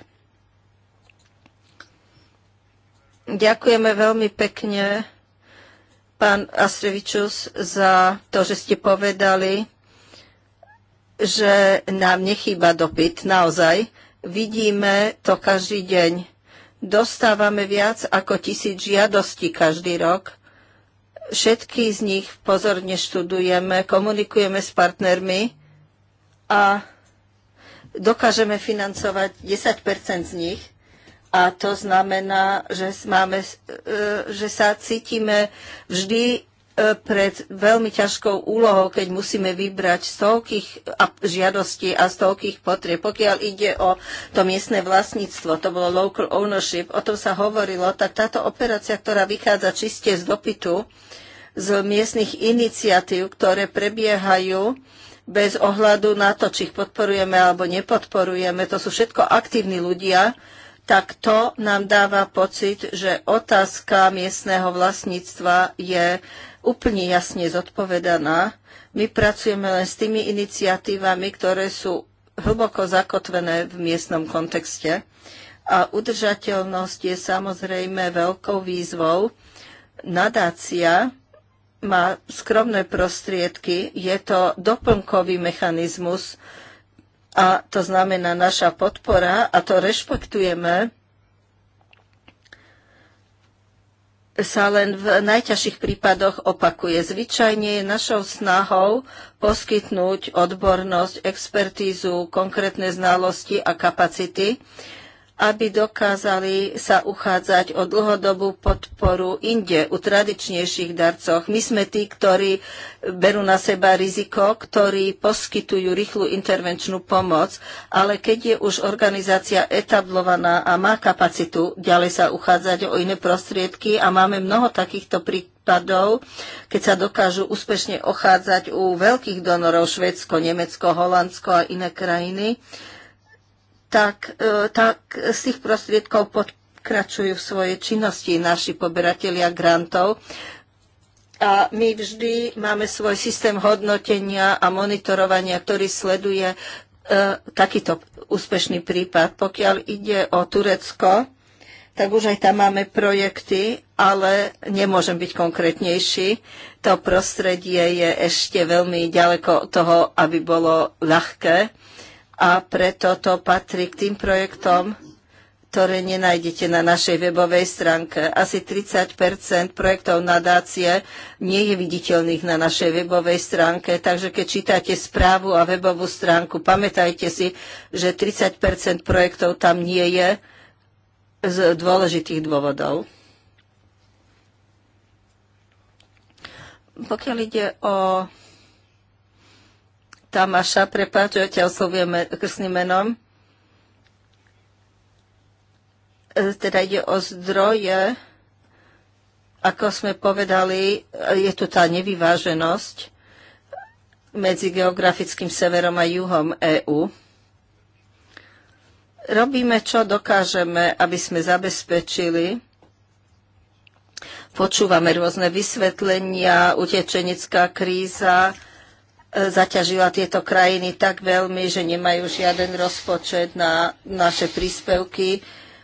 Speaker 1: Ďakujeme veľmi pekne, pán Astrevičus, za to, že ste povedali, že nám nechýba dopyt, naozaj. Vidíme to každý deň. Dostávame viac ako tisíc žiadostí každý rok. Všetky z nich pozorne študujeme, komunikujeme s partnermi a dokážeme financovať 10 z nich. A to znamená, že, máme, e, že sa cítime vždy pred veľmi ťažkou úlohou, keď musíme vybrať toľkých žiadostí a toľkých potrieb. Pokiaľ ide o to miestne vlastníctvo, to bolo local ownership, o tom sa hovorilo, tak táto operácia, ktorá vychádza čiste z dopytu, z miestnych iniciatív, ktoré prebiehajú bez ohľadu na to, či ich podporujeme alebo nepodporujeme, to sú všetko aktívni ľudia, tak to nám dáva pocit, že otázka miestneho vlastníctva je úplne jasne zodpovedaná. My pracujeme len s tými iniciatívami, ktoré sú hlboko zakotvené v miestnom kontexte. A udržateľnosť je samozrejme veľkou výzvou. Nadácia má skromné prostriedky, je to doplnkový mechanizmus a to znamená naša podpora a to rešpektujeme sa len v najťažších prípadoch opakuje. Zvyčajne je našou snahou poskytnúť odbornosť, expertízu, konkrétne znalosti a kapacity, aby dokázali sa uchádzať o dlhodobú podporu inde, u tradičnejších darcoch. My sme tí, ktorí berú na seba riziko, ktorí poskytujú rýchlu intervenčnú pomoc, ale keď je už organizácia etablovaná a má kapacitu ďalej sa uchádzať o iné prostriedky a máme mnoho takýchto prípadov, keď sa dokážu úspešne ochádzať u veľkých donorov Švedsko, Nemecko, Holandsko a iné krajiny, tak, e, tak z tých prostriedkov podkračujú v svojej činnosti naši poberatelia grantov. A my vždy máme svoj systém hodnotenia a monitorovania, ktorý sleduje e, takýto úspešný prípad. Pokiaľ ide o Turecko, tak už aj tam máme projekty, ale nemôžem byť konkrétnejší. To prostredie je ešte veľmi ďaleko toho, aby bolo ľahké a preto to patrí k tým projektom, ktoré nenájdete na našej webovej stránke. Asi 30 projektov nadácie nie je viditeľných na našej webovej stránke, takže keď čítate správu a webovú stránku, pamätajte si, že 30 projektov tam nie je z dôležitých dôvodov. Pokiaľ ide o Tamáša, prepáč, ja ťa oslovujem krstným menom. E, teda ide o zdroje, ako sme povedali, e, je tu tá nevyváženosť medzi geografickým severom a juhom EÚ. Robíme, čo dokážeme, aby sme zabezpečili, počúvame rôzne vysvetlenia, utečenecká kríza, zaťažila tieto krajiny tak veľmi, že nemajú žiaden rozpočet na naše príspevky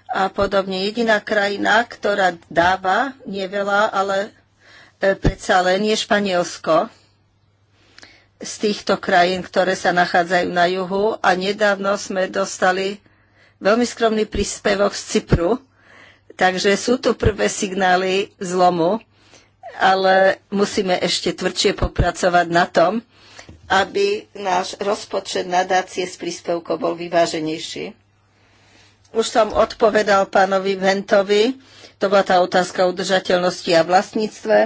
Speaker 1: a podobne. Jediná krajina, ktorá dáva, nie veľa, ale e, predsa len je Španielsko z týchto krajín, ktoré sa nachádzajú na juhu a nedávno sme dostali veľmi skromný príspevok z Cypru, takže sú tu prvé signály zlomu, ale musíme ešte tvrdšie popracovať na tom, aby náš rozpočet nadácie s príspevkou bol vyváženejší. Už som odpovedal pánovi Ventovi, to bola tá otázka o udržateľnosti a vlastníctve.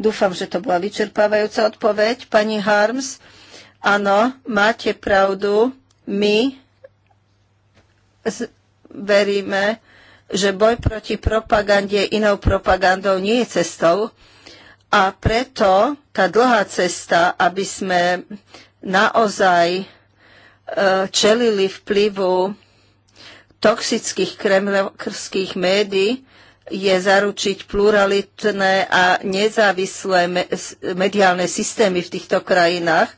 Speaker 1: Dúfam, že to bola vyčerpávajúca odpoveď. Pani Harms, áno, máte pravdu, my veríme, že boj proti propagande inou propagandou nie je cestou, a preto tá dlhá cesta, aby sme naozaj e, čelili vplyvu toxických kremlských médií, je zaručiť pluralitné a nezávislé mediálne systémy v týchto krajinách.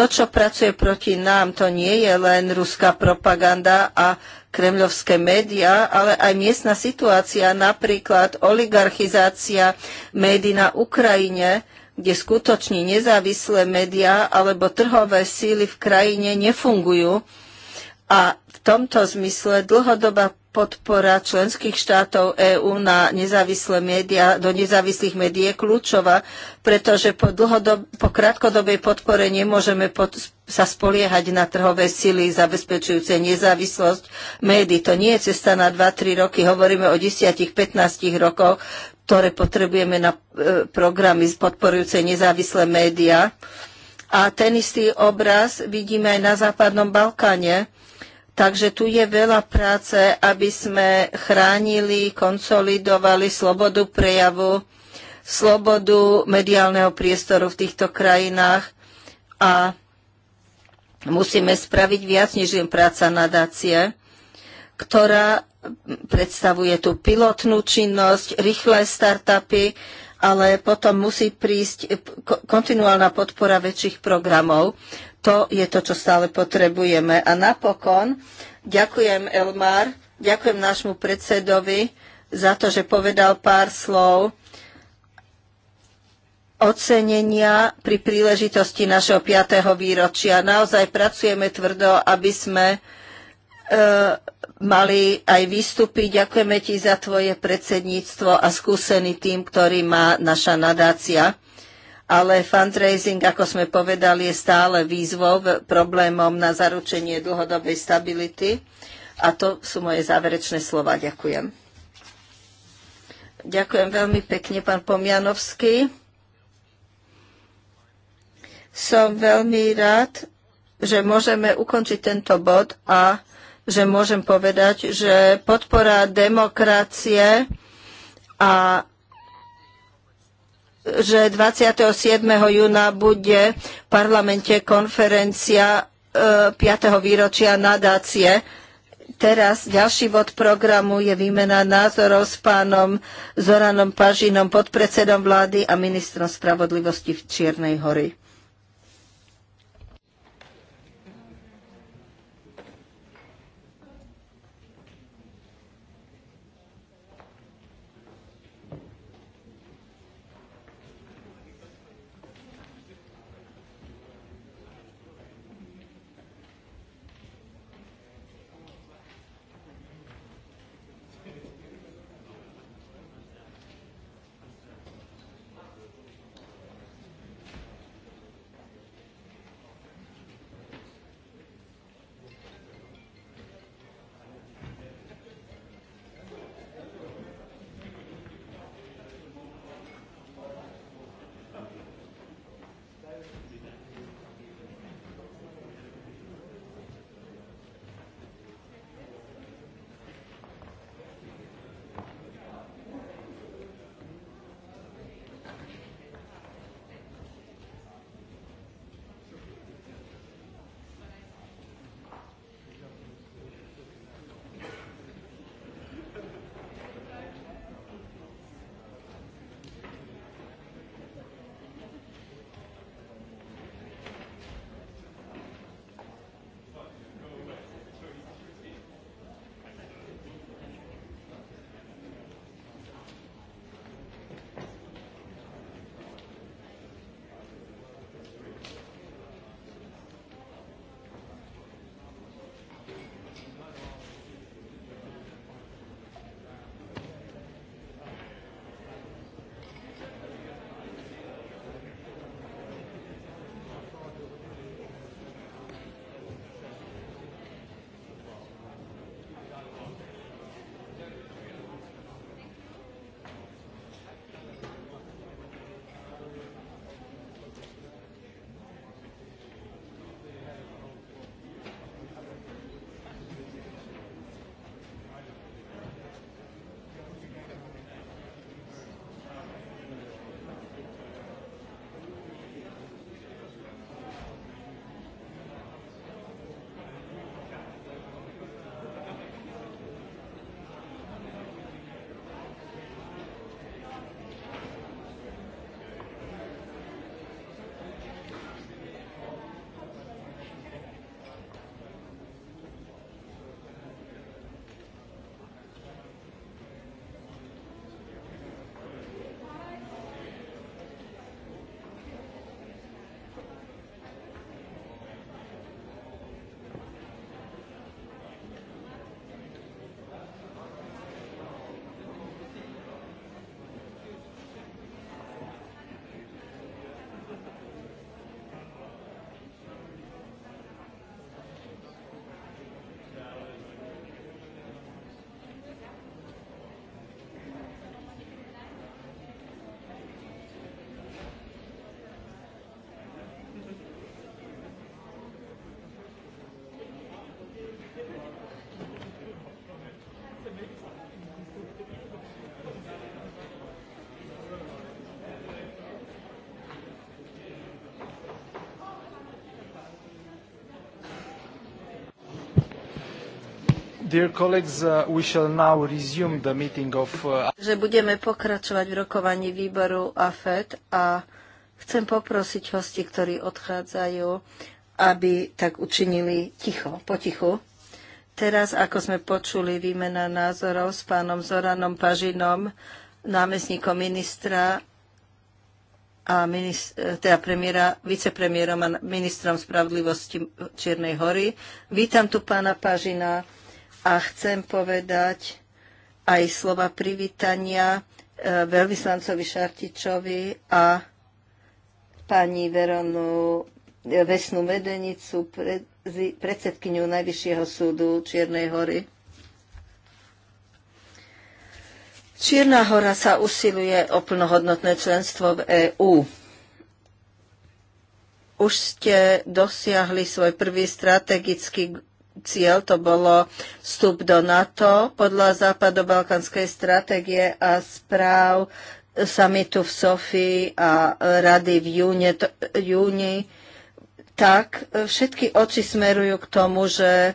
Speaker 1: To, čo pracuje proti nám, to nie je len ruská propaganda a kremľovské médiá, ale aj miestna situácia, napríklad oligarchizácia médií na Ukrajine, kde skutočne nezávislé médiá alebo trhové síly v krajine nefungujú. A tomto zmysle dlhodobá podpora členských štátov EÚ na nezávislé médiá, do nezávislých médií je kľúčová, pretože po, dlhodob, po krátkodobej podpore nemôžeme pod, sa spoliehať na trhové sily zabezpečujúce nezávislosť médií. To nie je cesta na 2-3 roky, hovoríme o 10-15 rokoch, ktoré potrebujeme na e, programy podporujúce nezávislé médiá. A ten istý obraz vidíme aj na Západnom Balkáne Takže tu je veľa práce, aby sme chránili, konsolidovali slobodu prejavu, slobodu mediálneho priestoru v týchto krajinách a musíme spraviť viac než len práca nadácie, ktorá predstavuje tú pilotnú činnosť, rýchle startupy, ale potom musí prísť kontinuálna podpora väčších programov to je to, čo stále potrebujeme. A napokon ďakujem Elmar, ďakujem nášmu predsedovi za to, že povedal pár slov ocenenia pri príležitosti našeho 5. výročia. Naozaj pracujeme tvrdo, aby sme e, mali aj výstupy. Ďakujeme ti za tvoje predsedníctvo a skúsený tým, ktorý má naša nadácia ale fundraising, ako sme povedali, je stále výzvou, problémom na zaručenie dlhodobej stability. A to sú moje záverečné slova. Ďakujem. Ďakujem veľmi pekne, pán Pomianovský. Som veľmi rád, že môžeme ukončiť tento bod a že môžem povedať, že podpora demokracie a že 27. júna bude v parlamente konferencia 5. E, výročia nadácie. Teraz ďalší bod programu je výmena názorov s pánom Zoranom Pažinom, podpredsedom vlády a ministrom spravodlivosti v Čiernej hory.
Speaker 3: Uh, uh,
Speaker 1: Že budeme pokračovať v rokovaní výboru AFED a chcem poprosiť hosti, ktorí odchádzajú, aby tak učinili ticho, potichu. Teraz, ako sme počuli výmena názorov s pánom Zoranom Pažinom, námestníkom ministra a ministr, teda premiéra, vicepremiérom a ministrom spravodlivosti Čiernej hory. Vítam tu pána Pažina a chcem povedať aj slova privítania e, veľvyslancovi Šartičovi a pani Veronu e, Vesnú Medenicu, predsedkyňu Najvyššieho súdu Čiernej hory. Čierna hora sa usiluje o plnohodnotné členstvo v EÚ. Už ste dosiahli svoj prvý strategický cieľ to bolo vstup do NATO podľa západobalkanskej stratégie a správ samitu v Sofii a rady v júne, júni, tak e, všetky oči smerujú k tomu, že e,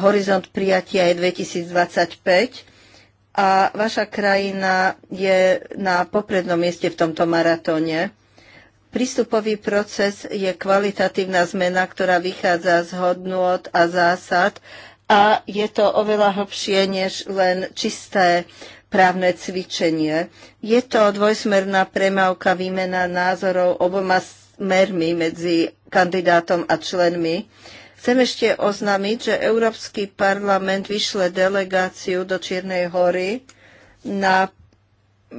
Speaker 1: horizont prijatia je 2025 a vaša krajina je na poprednom mieste v tomto maratóne. Prístupový proces je kvalitatívna zmena, ktorá vychádza z hodnôt a zásad a je to oveľa hlbšie než len čisté právne cvičenie. Je to dvojsmerná premávka výmena názorov oboma smermi medzi kandidátom a členmi. Chcem ešte oznámiť, že Európsky parlament vyšle delegáciu do Čiernej hory na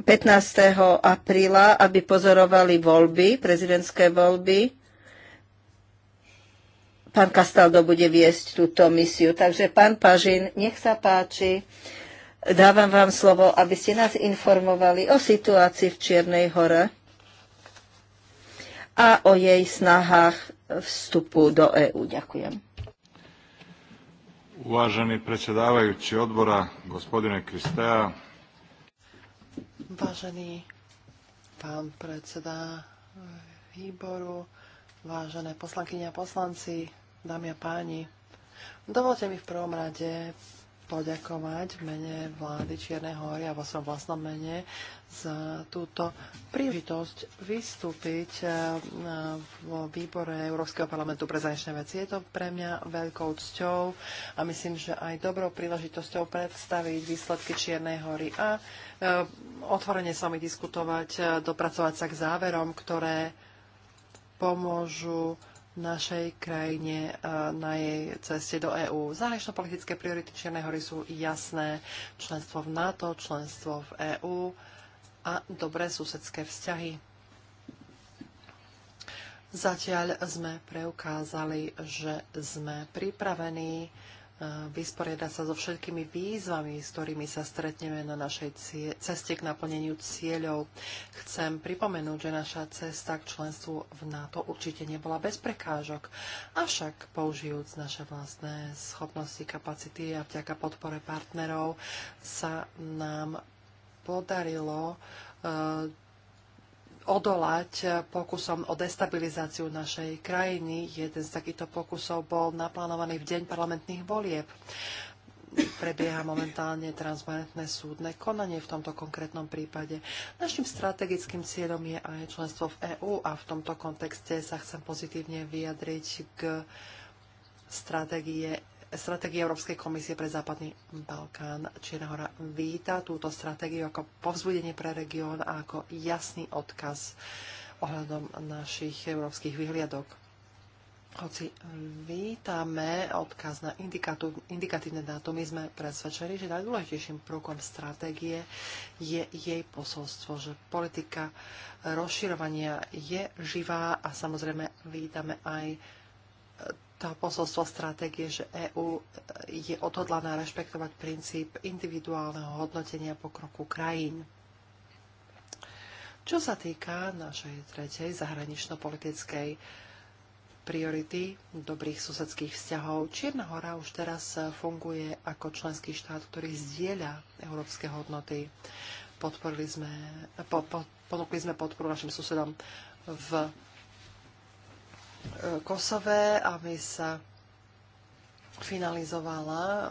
Speaker 1: 15. apríla, aby pozorovali voľby, prezidentské voľby. Pán Kastaldo bude viesť túto misiu. Takže pán Pažin, nech sa páči. Dávam vám slovo, aby ste nás informovali o situácii v Čiernej hore a o jej snahách vstupu do EÚ. Ďakujem.
Speaker 3: Uvažený predsedávajúci odbora, gospodine Kristea,
Speaker 2: Vážený pán predseda výboru, vážené poslankyne a poslanci, dámy a páni, dovolte mi v prvom rade poďakovať v mene vlády Čiernej hory a vo svojom vlastnom mene za túto príležitosť vystúpiť eh, vo výbore Európskeho parlamentu pre zahraničné veci. Je to pre mňa veľkou cťou a myslím, že aj dobrou príležitosťou predstaviť výsledky Čiernej hory a eh, otvorene s vami diskutovať, eh, dopracovať sa k záverom, ktoré pomôžu našej krajine e, na jej ceste do EÚ. Zahranično-politické priority Čiernej hory sú jasné. Členstvo v NATO, členstvo v EÚ a dobré susedské vzťahy. Zatiaľ sme preukázali, že sme pripravení vysporiadať sa so všetkými výzvami, s ktorými sa stretneme na našej ceste k naplneniu cieľov. Chcem pripomenúť, že naša cesta k členstvu v NATO určite nebola bez prekážok, avšak použijúc naše vlastné schopnosti, kapacity a vďaka podpore partnerov sa nám podarilo uh, odolať eh, pokusom o destabilizáciu našej krajiny. Jeden z takýchto pokusov bol naplánovaný v deň parlamentných volieb. Prebieha momentálne transparentné súdne konanie v tomto konkrétnom prípade. Našim strategickým cieľom je aj členstvo v EÚ a v tomto kontexte sa chcem pozitívne vyjadriť k stratégie stratégie Európskej komisie pre Západný Balkán. Čierna hora víta túto stratégiu ako povzbudenie pre región a ako jasný odkaz ohľadom našich európskych vyhliadok. Hoci vítame odkaz na indikatívne dátumy, sme presvedčení, že najdôležitejším prvkom stratégie je jej posolstvo, že politika rozširovania je živá a samozrejme vítame aj toho posolstva stratégie, že EÚ je odhodlaná rešpektovať princíp individuálneho hodnotenia pokroku krajín. Čo sa týka našej tretej zahranično-politickej priority dobrých susedských vzťahov, Čierna hora už teraz funguje ako členský štát, ktorý zdieľa európske hodnoty. Podporili sme, po, po, ponúkli sme podporu našim susedom v E, Kosove, aby sa finalizovala e,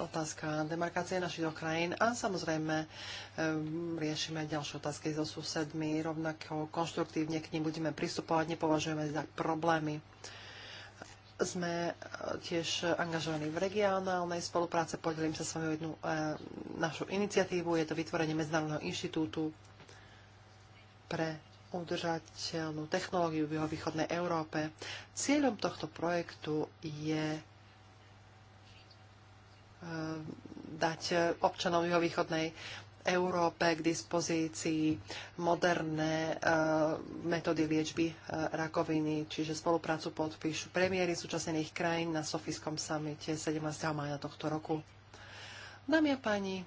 Speaker 2: otázka demarkácie našich dvoch krajín a samozrejme e, riešime ďalšie otázky so susedmi, rovnako konštruktívne k nim budeme pristupovať, nepovažujeme za problémy. Sme tiež angažovaní v regionálnej spolupráce, podelím sa s vami jednu našu iniciatívu, je to vytvorenie Medzinárodného inštitútu pre udržateľnú technológiu v východnej Európe. Cieľom tohto projektu je e, dať občanom východnej Európe k dispozícii moderné e, metódy liečby e, rakoviny, čiže spoluprácu podpíšu premiéry súčasnených krajín na Sofiskom samite 17. maja tohto roku. Dámy a páni,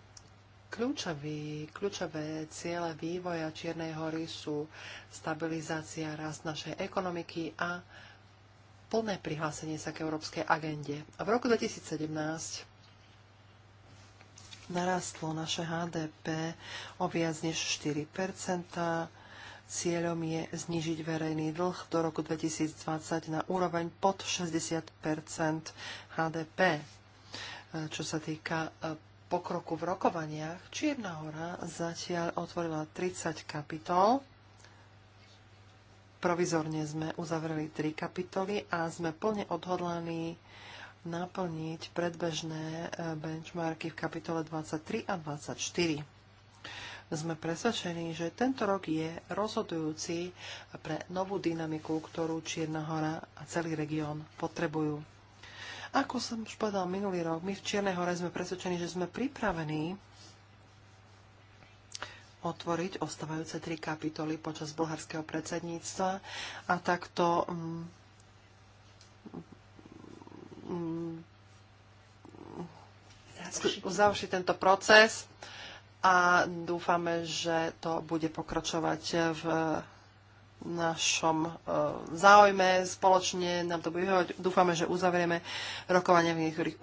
Speaker 2: Kľúčový, kľúčové ciele vývoja Čiernej hory sú stabilizácia rast našej ekonomiky a plné prihlásenie sa k európskej agende. A v roku 2017 narastlo naše HDP o viac než 4 Cieľom je znižiť verejný dlh do roku 2020 na úroveň pod 60 HDP. Čo sa týka e, pokroku v rokovaniach, Čierna hora zatiaľ otvorila 30 kapitol. Provizorne sme uzavreli 3 kapitoly a sme plne odhodlaní naplniť predbežné e, benchmarky v kapitole 23 a 24. Sme presvedčení, že tento rok je rozhodujúci pre novú dynamiku, ktorú Čierna hora a celý región potrebujú. Ako som už povedal minulý rok, my v Čiernej hore sme presvedčení, že sme pripravení otvoriť ostávajúce tri kapitoly počas bulharského predsedníctva a takto mm, mm, završiť tento proces a dúfame, že to bude pokračovať v našom e, záujme. Spoločne nám to bude vyhovať. Dúfame, že uzavrieme rokovania v niektorých e,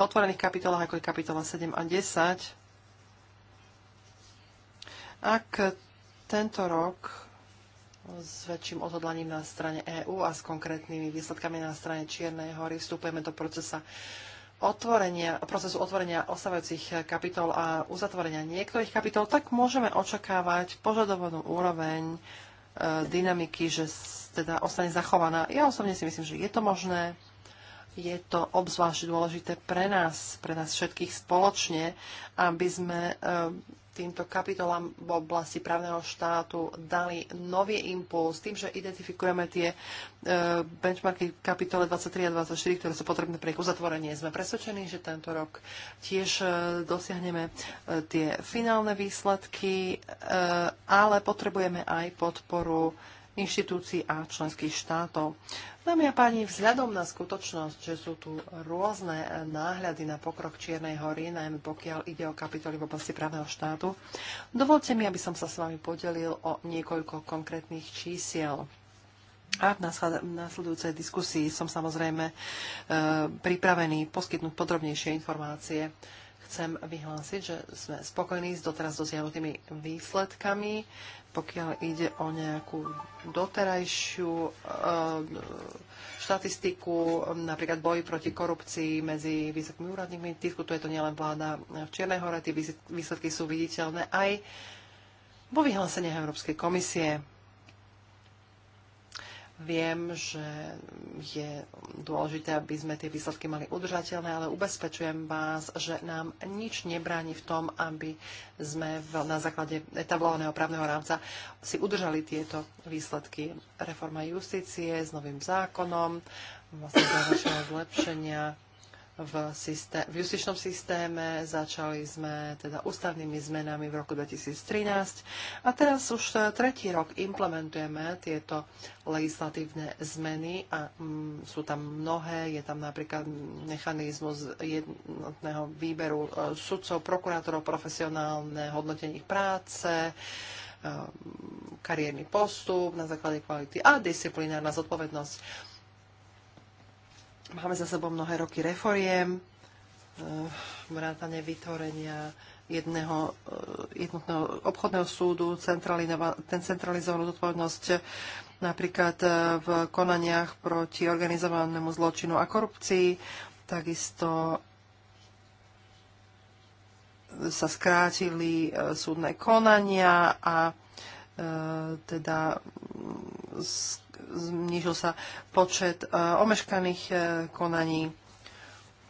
Speaker 2: otvorených kapitolách, ako je kapitola 7 a 10. Ak tento rok s väčším odhodlaním na strane EÚ a s konkrétnymi výsledkami na strane Čiernej hory vstupujeme do procesa otvorenia, procesu otvorenia ostávajúcich kapitol a uzatvorenia niektorých kapitol, tak môžeme očakávať požadovanú úroveň E, dynamiky, že teda ostane zachovaná. Ja osobne si myslím, že je to možné. Je to obzvlášť dôležité pre nás, pre nás všetkých spoločne, aby sme e, týmto kapitolám v oblasti právneho štátu dali nový impuls tým, že identifikujeme tie e, benchmarky v kapitole 23 a 24, ktoré sú potrebné pre ich uzatvorenie. Sme presvedčení, že tento rok tiež e, dosiahneme e, tie finálne výsledky, ale potrebujeme aj podporu inštitúcií a členských štátov. Dámy a páni, vzhľadom na skutočnosť, že sú tu rôzne náhľady na pokrok Čiernej hory, najmä pokiaľ ide o kapitoly v oblasti právneho štátu, dovolte mi, aby som sa s vami podelil o niekoľko konkrétnych čísiel. A v následujúcej diskusii som samozrejme e, pripravený poskytnúť podrobnejšie informácie. Chcem vyhlásiť, že sme spokojní s doteraz dosiahnutými výsledkami pokiaľ ide o nejakú doterajšiu eh, štatistiku, napríklad boj proti korupcii medzi vysokými úradníkmi, diskutuje to nielen vláda v Čiernej hore, tie výsledky sú viditeľné aj vo vyhláseniach Európskej komisie. Viem, že je dôležité, aby sme tie výsledky mali udržateľné, ale ubezpečujem vás, že nám nič nebráni v tom, aby sme v, na základe etablovaného právneho rámca si udržali tieto výsledky. Reforma justície s novým zákonom, vlastne zlepšenia v, systé- v justičnom systéme. Začali sme teda ústavnými zmenami v roku 2013 a teraz už e, tretí rok implementujeme tieto legislatívne zmeny a mm, sú tam mnohé. Je tam napríklad mechanizmus jednotného výberu e, sudcov, prokurátorov, profesionálne hodnotenie ich práce, e, kariérny postup na základe kvality a disciplinárna zodpovednosť. Máme za sebou mnohé roky reforiem, eh, vrátane vytvorenia jedného eh, jednotného obchodného súdu, ten centralizovanú zodpovednosť eh, napríklad v konaniach proti organizovanému zločinu a korupcii. Takisto sa skrátili súdne konania a teda znižil sa počet e, omeškaných e, konaní.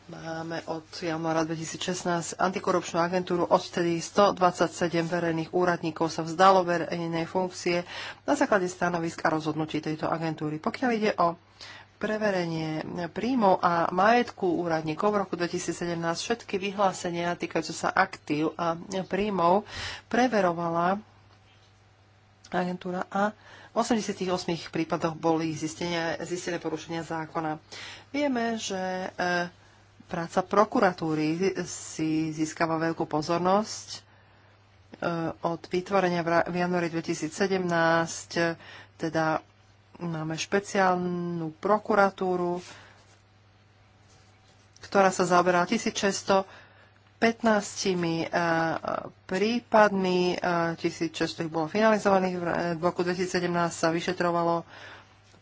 Speaker 2: Máme od januára 2016 antikorupčnú agentúru, odtedy 127 verejných úradníkov sa vzdalo verejnej funkcie na základe stanovisk a rozhodnutí tejto agentúry. Pokiaľ ide o preverenie príjmov a majetku úradníkov v roku 2017 všetky vyhlásenia týkajúce sa aktív a príjmov preverovala agentúra a 88 prípadoch boli zistenia, zistené porušenia zákona. Vieme, že e, práca prokuratúry si získava veľkú pozornosť e, od vytvorenia v januári 2017, e, teda máme špeciálnu prokuratúru, ktorá sa zaoberá 1600 15 eh, prípadmi, 1600 eh, ich bolo finalizovaných, v eh, roku 2017 sa vyšetrovalo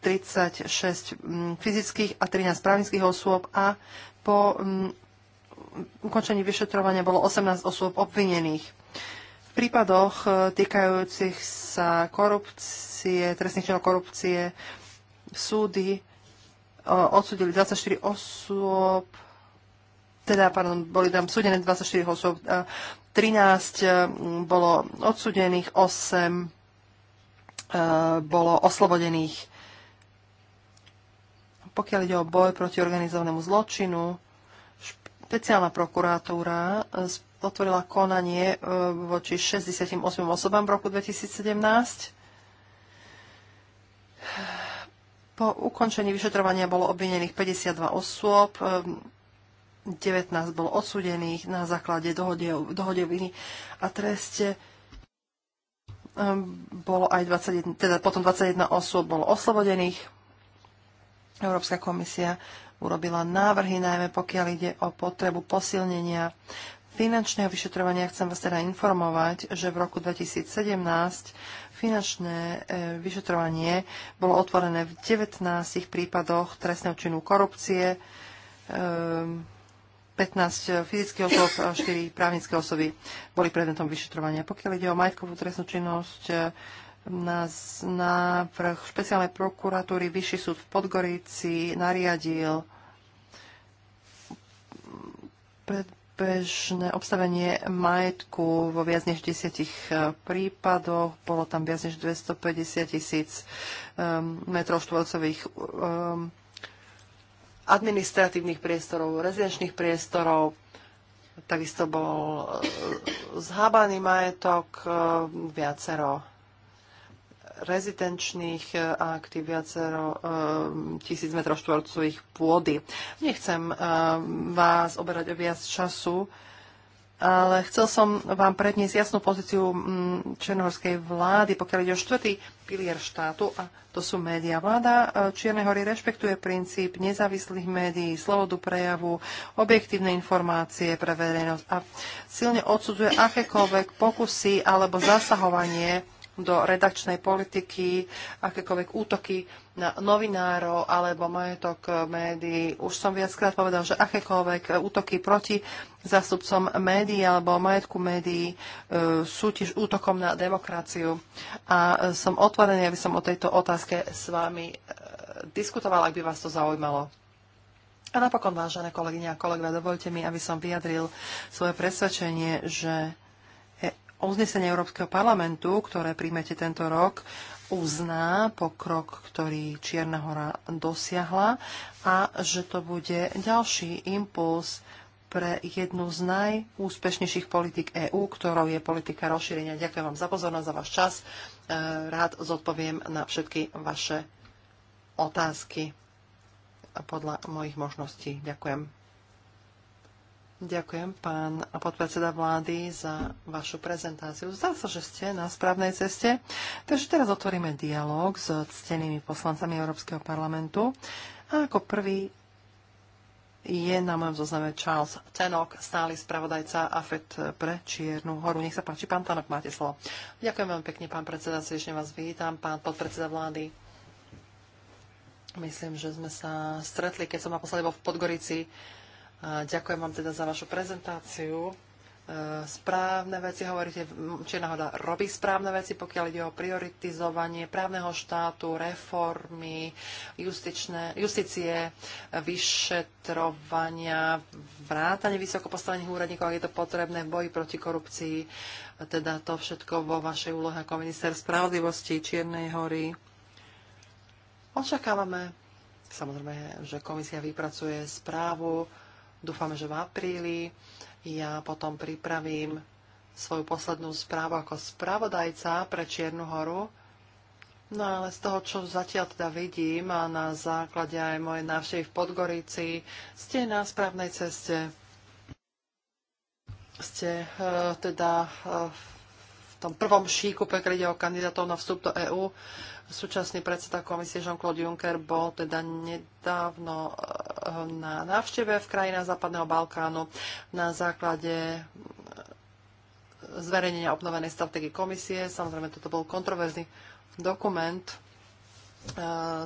Speaker 2: 36 mm, fyzických a 13 právnických osôb a po mm, ukončení vyšetrovania bolo 18 osôb obvinených. V prípadoch týkajúcich sa korupcie, trestných činov korupcie, súdy odsudili 24 osôb, teda, pardon, boli tam súdené 24 osôb, 13 bolo odsudených, 8 e, bolo oslobodených. Pokiaľ ide o boj proti organizovanému zločinu, špeciálna prokuratúra e, otvorila konanie e, voči 68 osobám v roku 2017. Po ukončení vyšetrovania bolo obvinených 52 osôb, 19 bol odsudených na základe dohodoviny a treste ehm, bolo aj 21, teda potom 21 osôb bolo oslobodených. Európska komisia urobila návrhy, najmä pokiaľ ide o potrebu posilnenia finančného vyšetrovania. Chcem vás teda informovať, že v roku 2017 finančné e, vyšetrovanie bolo otvorené v 19 prípadoch trestného činu korupcie, ehm, 15 eh, fyzických osôb, 4 právnické osoby boli predmetom vyšetrovania. Pokiaľ ide o majetkovú trestnú činnosť, eh, na návrh špeciálnej prokuratúry Vyšší súd v Podgorici nariadil predbežné obstavenie majetku vo viac než 10 eh, prípadoch. Bolo tam viac než 250 tisíc ehm, metrov štvorcových um, administratívnych priestorov, rezidenčných priestorov. Takisto bol e, zhábaný majetok, e, viacero rezidenčných e, aktív, viacero tisíc metrov štvorcových pôdy. Nechcem vás oberať o viac času ale chcel som vám predniesť jasnú pozíciu mm, černohorskej vlády, pokiaľ ide o štvrtý pilier štátu, a to sú médiá. Vláda e, Čiernej hory rešpektuje princíp nezávislých médií, slobodu prejavu, objektívne informácie pre verejnosť a silne odsudzuje akékoľvek pokusy alebo zasahovanie do redakčnej politiky, akékoľvek útoky na novinárov alebo majetok médií. Už som viackrát povedal, že akékoľvek útoky proti zástupcom médií alebo majetku médií e, sú tiež útokom na demokraciu. A som otvorený, aby som o tejto otázke s vami e, diskutovala, ak by vás to zaujímalo. A napokon, vážené kolegyne a kolegovia, dovolte mi, aby som vyjadril svoje presvedčenie, že uznesenie Európskeho parlamentu, ktoré príjmete tento rok, uzná pokrok, ktorý Čierna hora dosiahla a že to bude ďalší impuls pre jednu z najúspešnejších politik EÚ, ktorou je politika rozšírenia. Ďakujem vám za pozornosť, za váš čas. E, rád zodpoviem na všetky vaše otázky podľa mojich možností. Ďakujem. Ďakujem, pán podpredseda vlády, za vašu prezentáciu. Zdá sa, že ste na správnej ceste. Takže teraz otvoríme dialog s ctenými poslancami Európskeho parlamentu. A ako prvý je na mojom zozname Charles Tenok, stály spravodajca AFET pre Čiernu horu. Nech sa páči, pán Tenok, máte slovo. Ďakujem veľmi pekne, pán predseda, srdečne vás vítam, pán podpredseda vlády. Myslím, že sme sa stretli, keď som naposledy bol v Podgorici Ďakujem vám teda za vašu prezentáciu. E, správne veci, hovoríte, či náhoda robí správne veci, pokiaľ ide o prioritizovanie právneho štátu, reformy, justičné, justície, vyšetrovania, vrátanie vysoko postavených úradníkov, ak je to potrebné v boji proti korupcii, teda to všetko vo vašej úlohe ako minister spravodlivosti Čiernej hory. Očakávame, samozrejme, že komisia vypracuje správu, Dúfam, že v apríli ja potom pripravím svoju poslednú správu ako spravodajca pre Čiernu horu. No ale z toho, čo zatiaľ teda vidím a na základe aj mojej návštevy v Podgorici, ste na správnej ceste. Ste e, teda e, v tom prvom šíku, pokiaľ ide o kandidátov na vstup do EÚ. Súčasný predseda komisie Jean-Claude Juncker bol teda nedávno eh, na návšteve v krajinách Západného Balkánu na základe eh, zverejnenia obnovenej stratégie komisie. Samozrejme, toto bol kontroverzný dokument. Eh,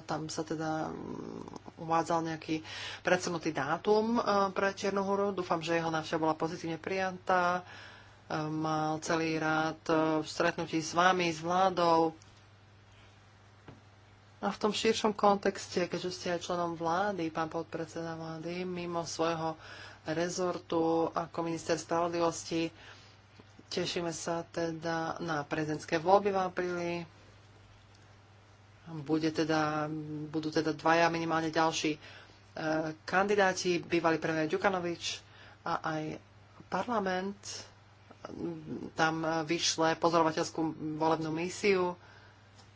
Speaker 2: tam sa teda mm, uvádzal nejaký predsunutý dátum pre Čiernu horu. Dúfam, že jeho návšteva bola pozitívne prijatá. Mal celý rád stretnutí s vami, s vládou, a v tom širšom kontexte, keďže ste aj členom vlády, pán podpredseda vlády, mimo svojho rezortu ako minister spravodlivosti, tešíme sa teda na prezidentské voľby v apríli. Bude teda, budú teda dvaja minimálne ďalší e, kandidáti, bývalý premiér Ďukanovič a aj parlament tam vyšle pozorovateľskú volebnú misiu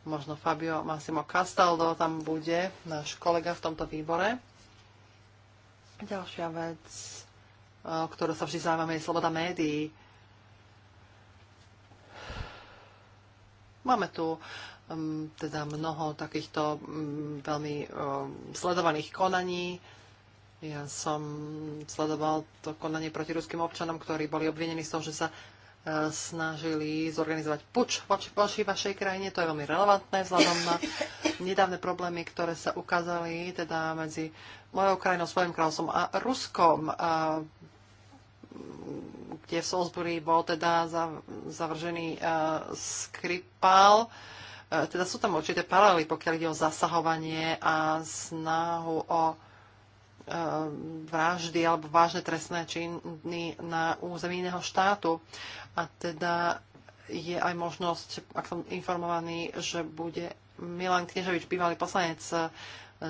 Speaker 2: možno Fabio Massimo Castaldo tam bude, náš kolega v tomto výbore. Ďalšia vec, o ktorú sa vždy zaujímame, je sloboda médií. Máme tu um, teda mnoho takýchto um, veľmi um, sledovaných konaní. Ja som sledoval to konanie proti ruským občanom, ktorí boli obvinení z toho, že sa snažili zorganizovať puč voči vašej krajine. To je veľmi relevantné vzhľadom na nedávne problémy, ktoré sa ukázali teda medzi mojou krajinou, svojim kráľovstvom a Ruskom, a, kde v Salisbury bol teda zavržený a, Skripal. A, teda sú tam určité paralely, pokiaľ ide o zasahovanie a snahu o Eh, vraždy alebo vážne trestné činy na území iného štátu. A teda je aj možnosť, ak som informovaný, že bude Milan Kneževič, bývalý poslanec, eh,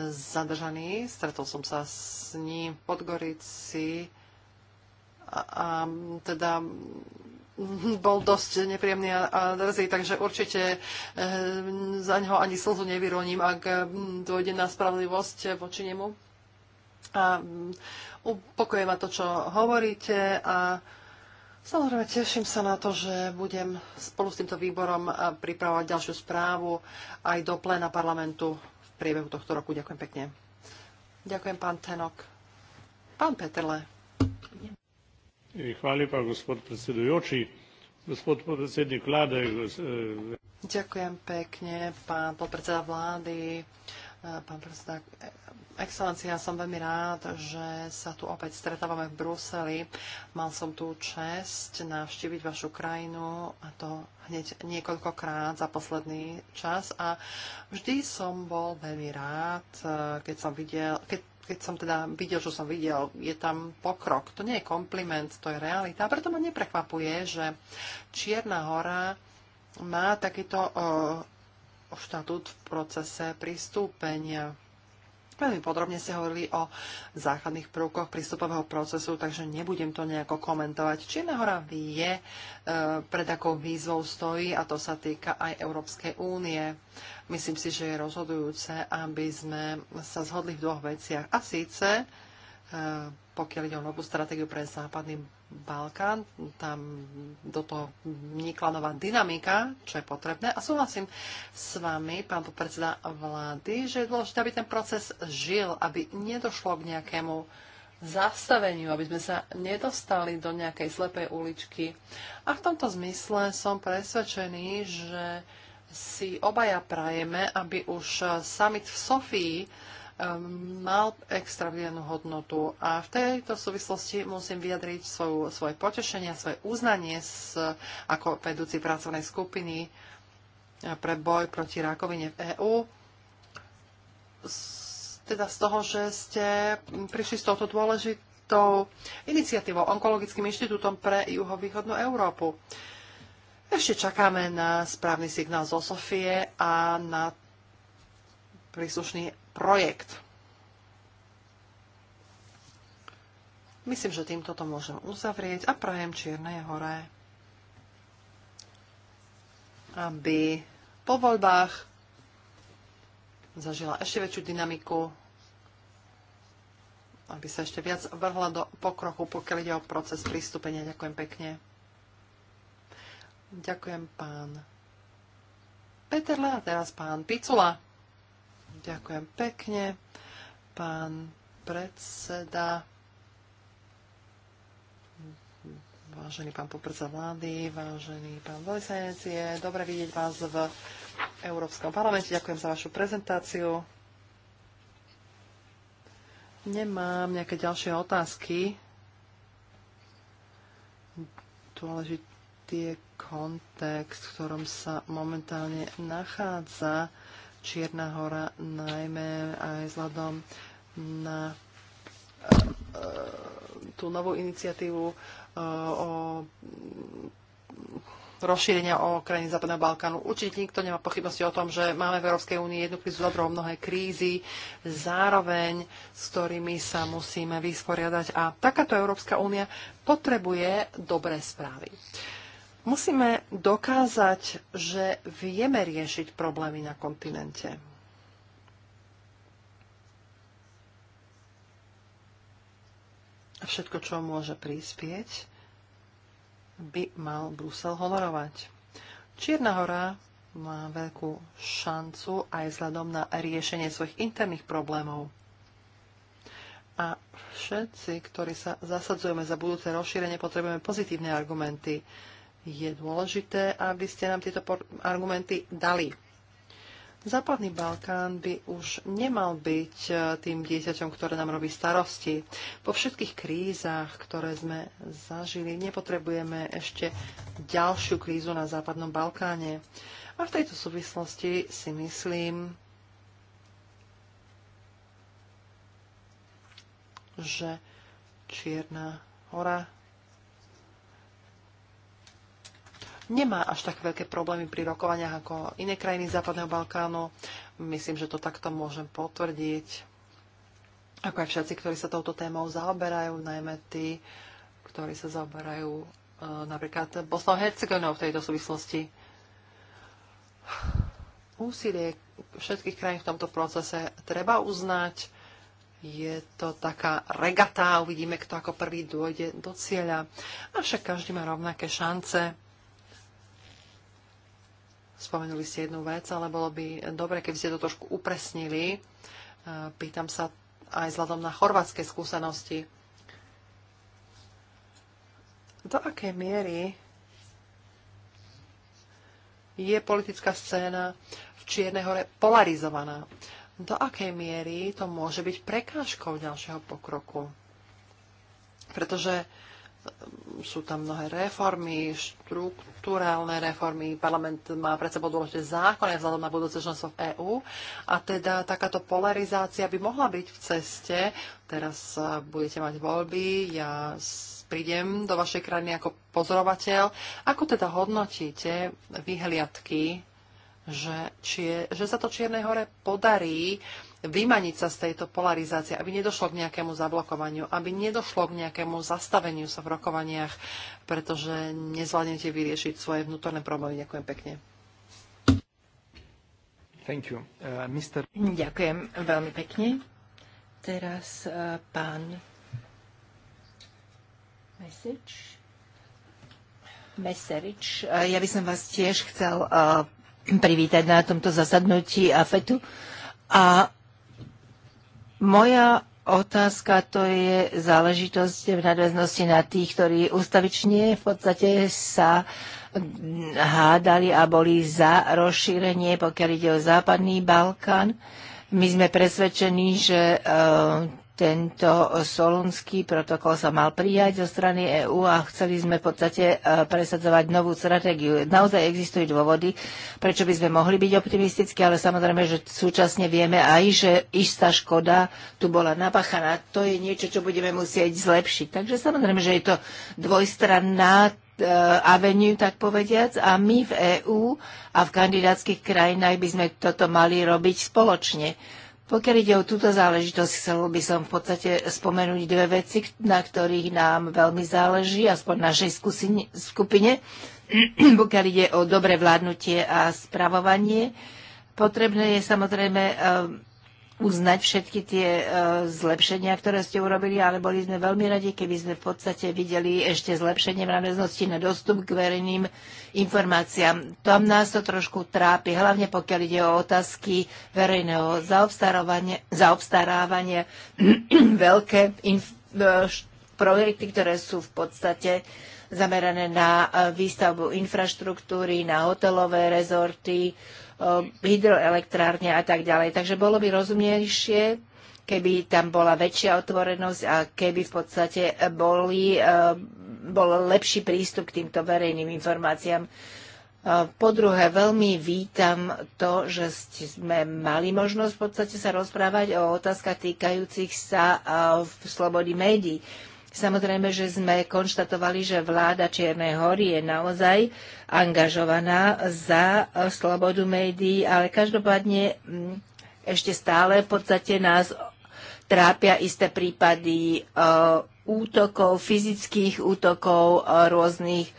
Speaker 2: zadržaný. Stretol som sa s ním v Podgorici a, a teda mm, bol dosť nepríjemný a, a drzý, takže určite e, za neho ani slzu nevyroním, ak mm, dojde na spravlivosť voči nemu. A mm, upokojuje ma to, čo hovoríte a Samozrejme, teším sa na to, že budem spolu s týmto výborom pripravovať ďalšiu správu aj do pléna parlamentu v priebehu tohto roku. Ďakujem pekne. Ďakujem, pán Tenok. Pán Petrle.
Speaker 1: Hvala gospod predsedujúci. Gospod podpredsednik vlády. E,
Speaker 2: Ďakujem pekne, pán podpredseda vlády, pán predseda, excelencia, som veľmi rád, že sa tu opäť stretávame v Bruseli. Mal som tú čest navštíviť vašu krajinu a to hneď niekoľkokrát za posledný čas a vždy som bol veľmi rád, eh, keď som videl, keď keď som teda videl, čo som videl, je tam pokrok. To nie je kompliment, to je realita. A preto ma neprekvapuje, že Čierna hora má takýto uh, štatút v procese pristúpenia. Veľmi podrobne ste hovorili o základných prvkoch prístupového procesu, takže nebudem to nejako komentovať. Čierna hora vie, e, pred akou výzvou stojí a to sa týka aj Európskej únie. Myslím si, že je rozhodujúce, aby sme sa zhodli v dvoch veciach. A síce, e, pokiaľ ide o novú stratégiu pre západný Balkán, tam do toho vnikla nová dynamika, čo je potrebné. A súhlasím s vami, pán podpredseda vlády, že je dôležité, aby ten proces žil, aby nedošlo k nejakému zastaveniu, aby sme sa nedostali do nejakej slepej uličky. A v tomto zmysle som presvedčený, že si obaja prajeme, aby už summit v Sofii Ehm, mal extra hodnotu. A v tejto súvislosti musím vyjadriť svoju, svoje potešenie, svoje uznanie s, ako vedúci pracovnej skupiny eh, pre boj proti rakovine v EÚ teda z toho, že ste prišli s touto dôležitou iniciatívou Onkologickým inštitútom pre juhovýchodnú Európu. Ešte čakáme na správny signál zo Sofie a na príslušný projekt. Myslím, že týmto to môžem uzavrieť a prajem Čiernej hore, aby po voľbách zažila ešte väčšiu dynamiku, aby sa ešte viac vrhla do pokroku, pokiaľ ide o proces pristúpenia. Ďakujem pekne. Ďakujem pán Peterle a teraz pán Picula. Ďakujem pekne. Pán predseda, vážený pán podpredseda vlády, vážený pán veľvyslanec, je dobre vidieť vás v Európskom parlamente. Ďakujem za vašu prezentáciu. Nemám nejaké ďalšie otázky. Dôležitý je kontext, v ktorom sa momentálne nachádza Čierna hora, najmä aj vzhľadom na eh, tú novú iniciatívu eh, o rozšírenia o krajiny Západného Balkánu. Určite nikto nemá pochybnosti o tom, že máme v Európskej únii jednu krízu druhou mnohé krízy, zároveň s ktorými sa musíme vysporiadať. A takáto Európska únia potrebuje dobré správy. Uh, Musíme dokázať, že vieme riešiť problémy na kontinente. A všetko, čo môže prispieť, by mal Brusel honorovať. Čierna hora má veľkú šancu aj vzhľadom na riešenie svojich interných problémov. A všetci, ktorí sa zasadzujeme za budúce rozšírenie, potrebujeme pozitívne argumenty je dôležité, aby ste nám tieto argumenty dali. Západný Balkán by už nemal byť e, tým dieťaťom, ktoré nám robí starosti. Po všetkých krízach, ktoré sme zažili, nepotrebujeme ešte ďalšiu krízu na Západnom Balkáne. A v tejto súvislosti si myslím, že Čierna hora nemá až tak veľké problémy pri rokovaniach ako iné krajiny Západného Balkánu. Myslím, že to takto môžem potvrdiť. Ako aj všetci, ktorí sa touto témou zaoberajú, najmä tí, ktorí sa zaoberajú e, napríklad Bosnou Hercegovinou v tejto súvislosti. Úsilie všetkých krajín v tomto procese treba uznať. Je to taká regatá, uvidíme, kto ako prvý dôjde do cieľa. Avšak každý má rovnaké šance. Spomenuli ste jednu vec, ale bolo by dobre, keby ste to trošku upresnili. E, pýtam sa aj vzhľadom na chorvátske skúsenosti. Do akej miery je politická scéna v Čiernej hore polarizovaná? Do akej miery to môže byť prekážkou ďalšieho pokroku? Pretože sú tam mnohé reformy, štruktúrálne reformy, parlament má pred sebou dôležité zákony vzhľadom na budúce členstvo v EÚ a teda takáto polarizácia by mohla byť v ceste. Teraz eh, budete mať voľby, ja prídem do vašej krajiny ako pozorovateľ. Ako teda hodnotíte vyhliadky, že, je, že sa to Čiernej hore podarí uh, vymaniť sa z tejto polarizácie, aby nedošlo k nejakému zablokovaniu, aby nedošlo k nejakému zastaveniu sa v rokovaniach, pretože nezvládnete vyriešiť svoje vnútorné problémy. Ďakujem pekne. Thank you. Uh, Mr. Ďakujem veľmi pekne. Teraz uh, pán
Speaker 3: Message. Meserič. Uh, ja by som vás tiež chcel uh, privítať na tomto zasadnutí AFETu. A moja otázka to je záležitosť v nadväznosti na tých, ktorí ustavične v podstate sa hádali a boli za rozšírenie, pokiaľ ide o západný Balkán. My sme presvedčení, že eh, tento solunský protokol sa mal prijať zo strany EÚ a chceli sme v podstate e, presadzovať novú stratégiu. Naozaj existujú dôvody, prečo by sme mohli byť optimistickí, ale samozrejme, že súčasne vieme aj, že istá škoda tu bola napáchaná. To je niečo, čo budeme musieť zlepšiť. Takže samozrejme, že je to dvojstranná e, avenue, tak povediac, a my v EÚ a v kandidátskych krajinách by sme toto mali robiť spoločne pokiaľ ide o túto záležitosť, chcel by som v podstate spomenúť dve veci, na ktorých nám veľmi záleží, aspoň našej skusine, skupine. Pokiaľ ide o dobre vládnutie a spravovanie, potrebné je samozrejme ehm, uznať všetky tie e, zlepšenia, ktoré ste urobili, ale boli sme veľmi radi, keby sme v podstate videli ešte zlepšenie v náväznosti na dostup k verejným informáciám. Tam nás to trošku trápi, hlavne pokiaľ ide o otázky verejného zaobstarávania, veľké inf- e, projekty, ktoré sú v podstate zamerané na e, výstavbu infraštruktúry, na hotelové rezorty, Eh, hydroelektrárne a tak ďalej. Takže bolo by rozumnejšie, keby tam bola väčšia otvorenosť a keby v podstate boli, eh, bol lepší prístup k týmto verejným informáciám. Eh, po druhé, veľmi vítam to, že sme mali možnosť v podstate sa rozprávať o otázkach týkajúcich sa v slobody médií. Samozrejme, že sme konštatovali, že vláda Čiernej hory je naozaj angažovaná za slobodu médií, ale každopádne mm, ešte stále v podstate nás trápia isté prípady e, útokov, fyzických útokov, e, rôznych e,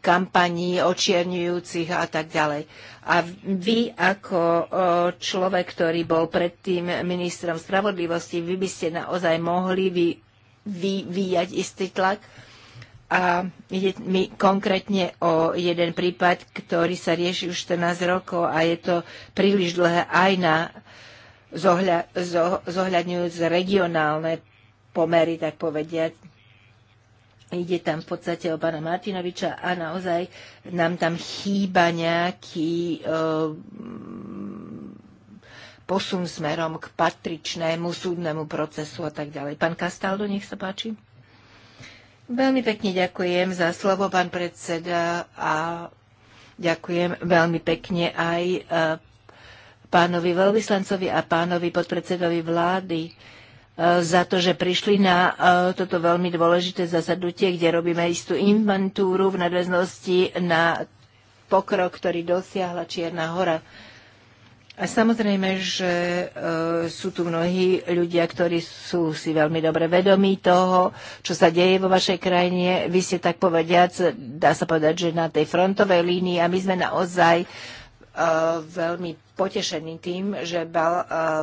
Speaker 3: kampaní očierňujúcich a tak ďalej. A vy ako človek, ktorý bol predtým ministrom spravodlivosti, vy by ste naozaj mohli vy vyvíjať istý tlak. A ide mi konkrétne o jeden prípad, ktorý sa rieši už 14 rokov a je to príliš dlhé aj na zohľa, zo, zohľadňujúc regionálne pomery, tak povediať. Ide tam v podstate o pána Martinoviča a naozaj nám tam chýba nejaký Uh, posun smerom k patričnému súdnemu procesu a tak ďalej. Pán Kastaldo, nech sa páči. Veľmi pekne ďakujem za slovo, pán predseda, a ďakujem veľmi pekne aj e, pánovi veľvyslancovi a pánovi podpredsedovi vlády e, za to, že prišli na e, toto veľmi dôležité zasadnutie, kde robíme istú inventúru v nadväznosti na pokrok, ktorý dosiahla Čierna hora a samozrejme, že e, sú tu mnohí ľudia, ktorí sú si veľmi dobre vedomí toho, čo sa deje vo vašej krajine. Vy ste tak povediac, dá sa povedať, že na tej frontovej línii a my sme naozaj veľmi potešený tým, že e,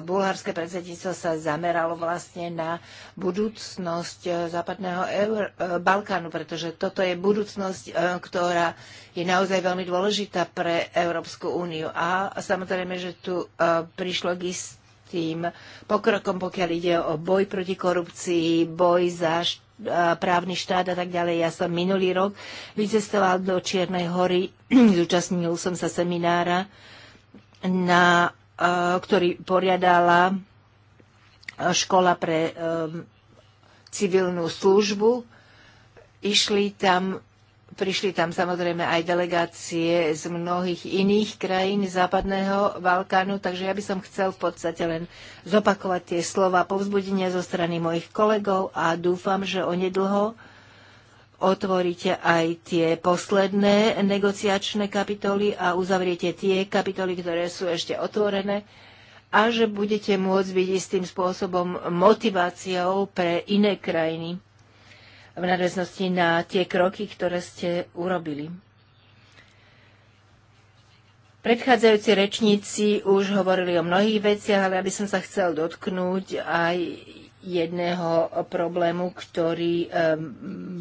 Speaker 3: bulharské predsedníctvo sa zameralo vlastne na budúcnosť e, západného Eur- e, Balkánu, pretože toto je budúcnosť, ktorá je naozaj veľmi dôležitá pre Európsku úniu. A samozrejme, že tu prišlo k istým pokrokom, pokiaľ ide o boj proti korupcii, boj za št- právny štát a tak ďalej. Ja som minulý rok vycestoval do Čiernej hory, zúčastnil som sa seminára, na, ktorý poriadala škola pre civilnú službu. Išli tam Prišli tam samozrejme aj delegácie z mnohých iných krajín Západného Balkánu, takže ja by som chcel v podstate len zopakovať tie slova povzbudenia zo strany mojich kolegov a dúfam, že onedlho otvoríte aj tie posledné negociačné kapitoly a uzavriete tie kapitoly, ktoré sú ešte otvorené a že budete môcť byť istým spôsobom motiváciou pre iné krajiny v nadväznosti na tie kroky, ktoré ste urobili. Predchádzajúci rečníci už hovorili o mnohých veciach, ale aby som sa chcel dotknúť aj jedného problému, ktorý um,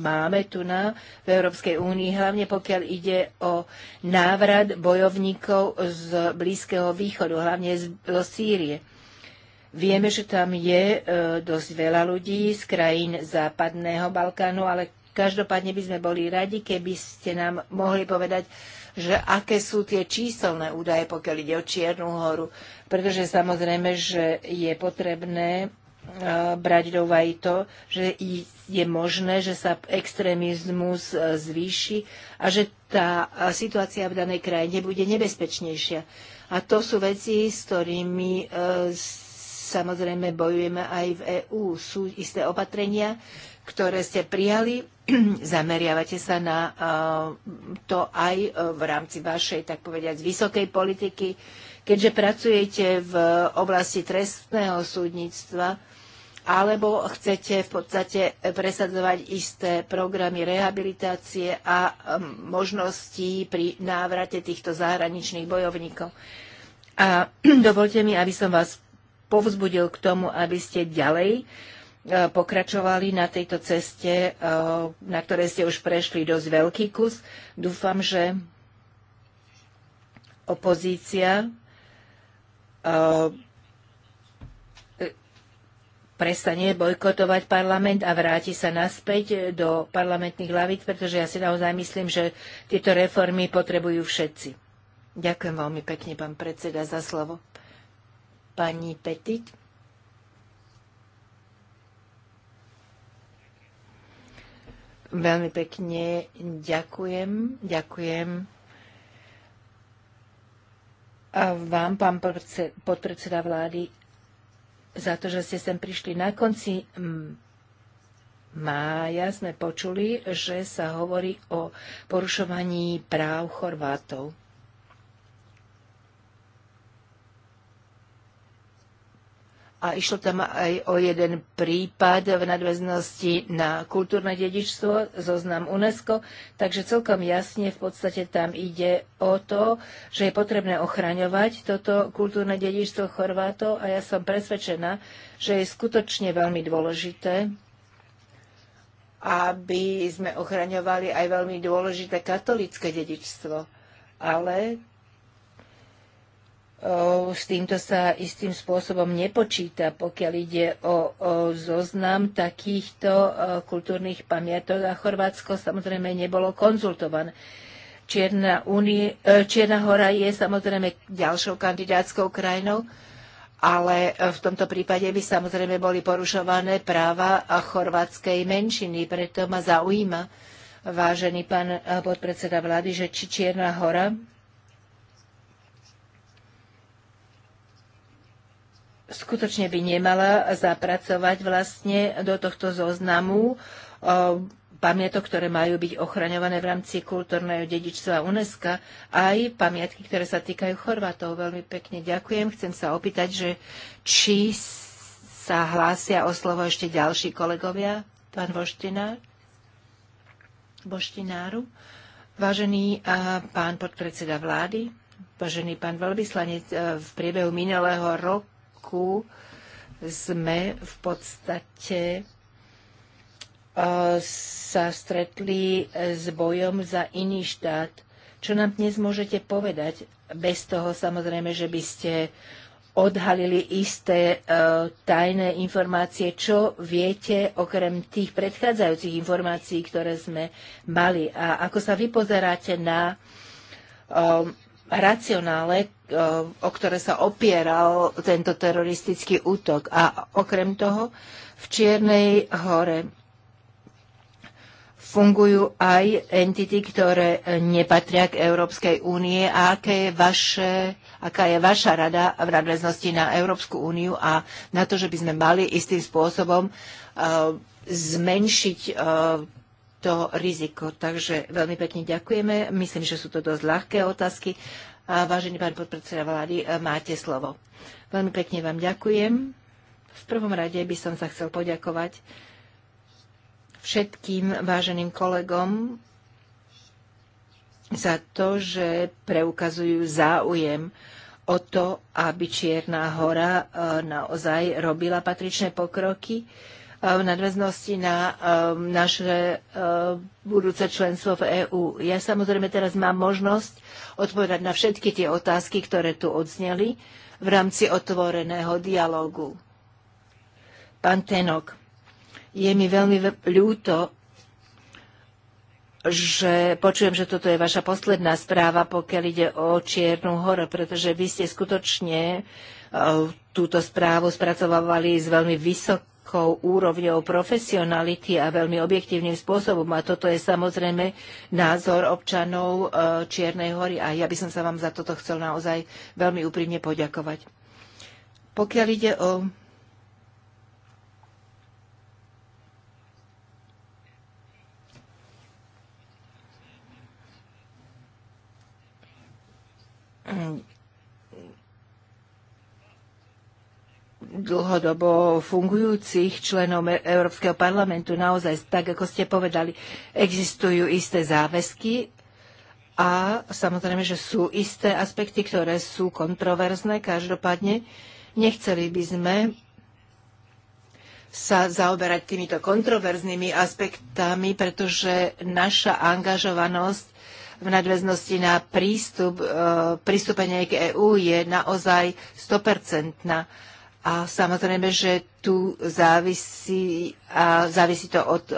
Speaker 3: máme tu na, v Európskej únii, hlavne pokiaľ ide o návrat bojovníkov z Blízkeho východu, hlavne z, zo Sýrie. Vieme, že tam je e, dosť veľa ľudí z krajín západného Balkánu, ale každopádne by sme boli radi, keby ste nám mohli povedať, že aké sú tie číselné údaje, pokiaľ ide o Čiernu horu. Pretože samozrejme, že je potrebné e, brať do úvahy to, že je možné, že sa extrémizmus e, zvýši a že tá situácia v danej krajine bude nebezpečnejšia. A to sú veci, s ktorými samozrejme bojujeme aj v EÚ. Sú isté opatrenia, ktoré ste prijali. Zameriavate sa na to aj e, v rámci vašej, tak povediať, vysokej politiky. Keďže pracujete v oblasti trestného súdnictva, alebo chcete v podstate presadzovať isté programy rehabilitácie a e, možností pri návrate týchto zahraničných bojovníkov. A dovolte mi, aby som vás povzbudil k tomu, aby ste ďalej e, pokračovali na tejto ceste, e, na ktorej ste už prešli dosť veľký kus. Dúfam, že opozícia e, prestane bojkotovať parlament a vráti sa naspäť do parlamentných hlavíc, pretože ja si naozaj myslím, že tieto reformy potrebujú všetci. Ďakujem veľmi pekne, pán predseda, za slovo. Pani Petit. Veľmi pekne ďakujem. Ďakujem a vám, pán podpredseda vlády, za to, že ste sem prišli. Na konci mája sme počuli, že sa hovorí o porušovaní práv Chorvátov. a išlo tam aj o jeden prípad v nadväznosti na kultúrne dedičstvo, zoznam UNESCO, takže celkom jasne v podstate tam ide o to, že je potrebné ochraňovať toto kultúrne dedičstvo Chorvátov a ja som presvedčená, že je skutočne veľmi dôležité, aby sme ochraňovali aj veľmi dôležité katolické dedičstvo. Ale s týmto sa istým spôsobom nepočíta, pokiaľ ide o, o zoznam takýchto kultúrnych pamiatok a Chorvátsko samozrejme nebolo konzultované. Čierna, Unie, Čierna hora je samozrejme ďalšou kandidátskou krajinou, ale v tomto prípade by samozrejme boli porušované práva chorvátskej menšiny. Preto ma zaujíma, vážený pán podpredseda vlády, že či Čierna hora skutočne by nemala zapracovať vlastne do tohto zoznamu pamiatok, ktoré majú byť ochraňované v rámci kultúrneho dedičstva UNESCO, aj pamiatky, ktoré sa týkajú Chorvátov. Veľmi pekne ďakujem. Chcem sa opýtať, že či sa hlásia o slovo ešte ďalší kolegovia, pán Voštinár, Voštináru. Vážený pán podpredseda vlády, vážený pán veľvyslanec, e, v priebehu minulého roku roku sme v podstate e, sa stretli s bojom za iný štát. Čo nám dnes môžete povedať? Bez toho samozrejme, že by ste odhalili isté e, tajné informácie. Čo viete okrem tých predchádzajúcich informácií, ktoré sme mali? A ako sa vy pozeráte na e, racionále, eh, o ktoré sa opieral tento teroristický útok. A okrem toho v Čiernej hore fungujú aj entity, ktoré nepatria k Európskej únie. A aké je vaše, aká je vaša rada v nadväznosti na Európsku úniu a na to, že by sme mali istým spôsobom uh, zmenšiť uh, to riziko. Takže veľmi pekne ďakujeme. Myslím, že sú to dosť ľahké otázky. A vážený pán podpredseda vlády, e, máte slovo. Veľmi pekne vám ďakujem. V prvom rade by som sa chcel poďakovať všetkým váženým kolegom za to, že preukazujú záujem o to, aby Čierna hora e, naozaj robila patričné pokroky v nadväznosti na um, naše um, budúce členstvo v EÚ. Ja samozrejme teraz mám možnosť odpovedať na všetky tie otázky, ktoré tu odzneli v rámci otvoreného dialogu. Pán Tenok, je mi veľmi ľúto, že počujem, že toto je vaša posledná správa, pokiaľ ide o Čiernu horu, pretože vy ste skutočne uh, túto správu spracovávali s veľmi vysokým vysokou úrovňou profesionality a veľmi objektívnym spôsobom. A toto je samozrejme názor občanov e, Čiernej hory a ja by som sa vám za toto chcel naozaj veľmi úprimne poďakovať. Pokiaľ ide o mm. dlhodobo fungujúcich členov e- Európskeho parlamentu naozaj, tak ako ste povedali, existujú isté záväzky a samozrejme, že sú isté aspekty, ktoré sú kontroverzné. Každopádne nechceli by sme sa zaoberať týmito kontroverznými aspektami, pretože naša angažovanosť v nadväznosti na prístup, e, prístupenie k EÚ je naozaj stopercentná. A samozrejme, že tu závisí, a závisí to od o, e,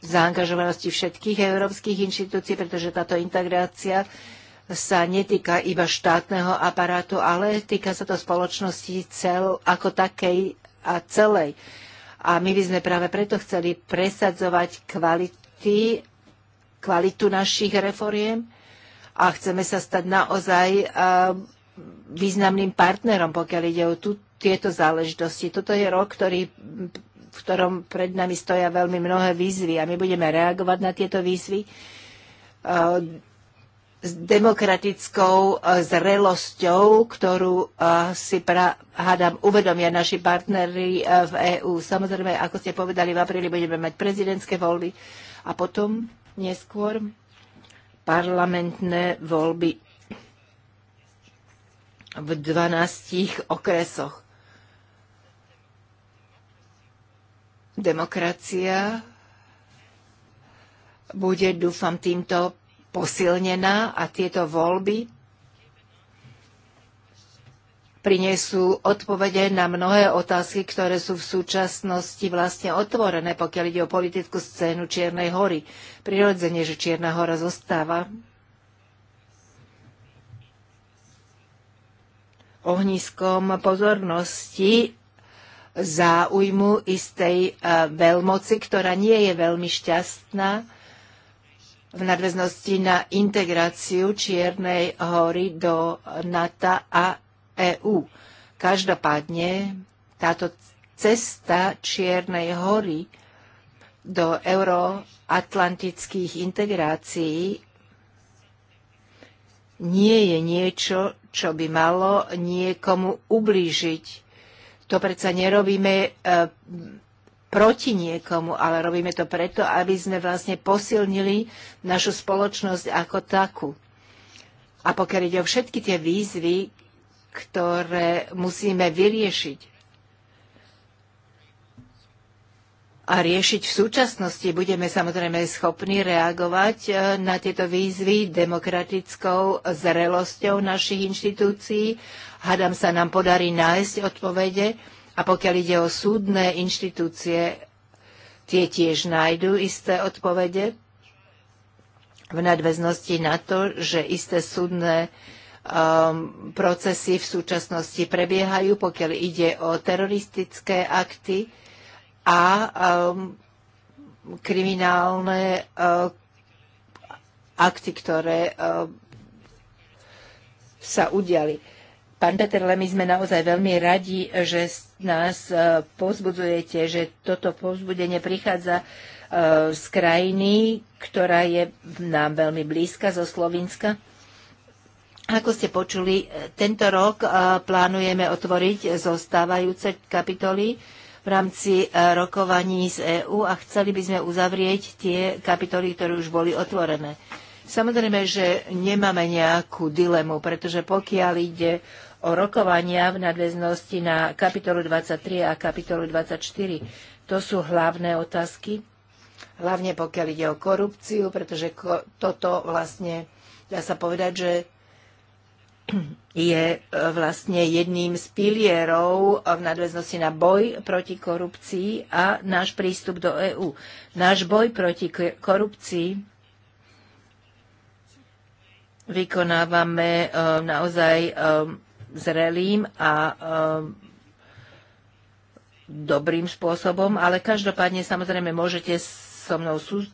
Speaker 3: zaangažovanosti všetkých európskych inštitúcií, pretože táto integrácia sa netýka iba štátneho aparátu, ale týka sa to spoločnosti cel, ako takej a celej. A my by sme práve preto chceli presadzovať kvality, kvalitu našich reforiem a chceme sa stať naozaj e, významným partnerom, pokiaľ ide o tú, tieto záležitosti. Toto je rok, ktorý, v ktorom pred nami stoja veľmi mnohé výzvy a my budeme reagovať na tieto výzvy eh, s demokratickou eh, zrelosťou, ktorú eh, si pra, hádam uvedomia naši partnery v EÚ. Samozrejme, ako ste povedali, v apríli budeme mať prezidentské voľby a potom neskôr parlamentné voľby v 12 okresoch. Demokracia bude, dúfam, týmto posilnená a tieto voľby prinesú odpovede na mnohé otázky, ktoré sú v súčasnosti vlastne otvorené, pokiaľ ide o politickú scénu Čiernej hory. Prirodzene, že Čierna hora zostáva ohniskom pozornosti záujmu istej eh, veľmoci, ktorá nie je veľmi šťastná v nadväznosti na integráciu Čiernej hory do NATO a EÚ. Každopádne táto cesta Čiernej hory do euroatlantických integrácií nie je niečo, čo by malo niekomu ublížiť. To predsa nerobíme e, proti niekomu, ale robíme to preto, aby sme vlastne posilnili našu spoločnosť ako takú. A pokiaľ ide o všetky tie výzvy, ktoré musíme vyriešiť, a riešiť v súčasnosti. Budeme samozrejme schopní reagovať e, na tieto výzvy demokratickou zrelosťou našich inštitúcií. Hadam sa nám podarí nájsť odpovede a pokiaľ ide o súdne inštitúcie, tie tiež nájdú isté odpovede v nadväznosti na to, že isté súdne um, procesy v súčasnosti prebiehajú, pokiaľ ide o teroristické akty a um, kriminálne uh, akty, ktoré uh, sa udiali. Pán Peter, my sme naozaj veľmi radi, že nás uh, pozbudzujete, že toto pozbudenie prichádza z krajiny, ktorá je nám veľmi blízka, zo Slovenska. Ako ste počuli, tento rok plánujeme otvoriť zostávajúce kapitoly v rámci e, rokovaní z EÚ a chceli by sme uzavrieť tie kapitoly, ktoré už boli otvorené. Samozrejme, že nemáme nejakú dilemu, pretože pokiaľ ide o rokovania v nadväznosti na kapitolu 23 a kapitolu 24, to sú hlavné otázky, hlavne pokiaľ ide o korupciu, pretože toto vlastne, dá sa povedať, že je e, vlastne jedným z pilierov v nadväznosti na boj proti korupcii a náš prístup do EÚ. Náš boj proti korupcii vykonávame e, naozaj e, zrelým a dobrým spôsobom, ale každopádne samozrejme môžete so mnou sú,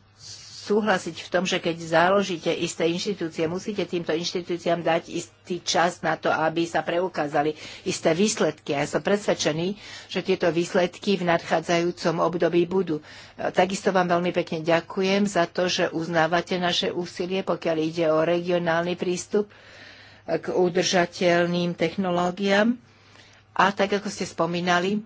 Speaker 3: súhlasiť v tom, že keď založíte isté inštitúcie, musíte týmto inštitúciám dať istý čas na to, aby sa preukázali isté výsledky. A ja som presvedčený, že tieto výsledky v nadchádzajúcom období budú. Takisto vám veľmi pekne ďakujem za to, že uznávate naše úsilie, pokiaľ ide o regionálny prístup k udržateľným technológiám. A tak, ako ste spomínali,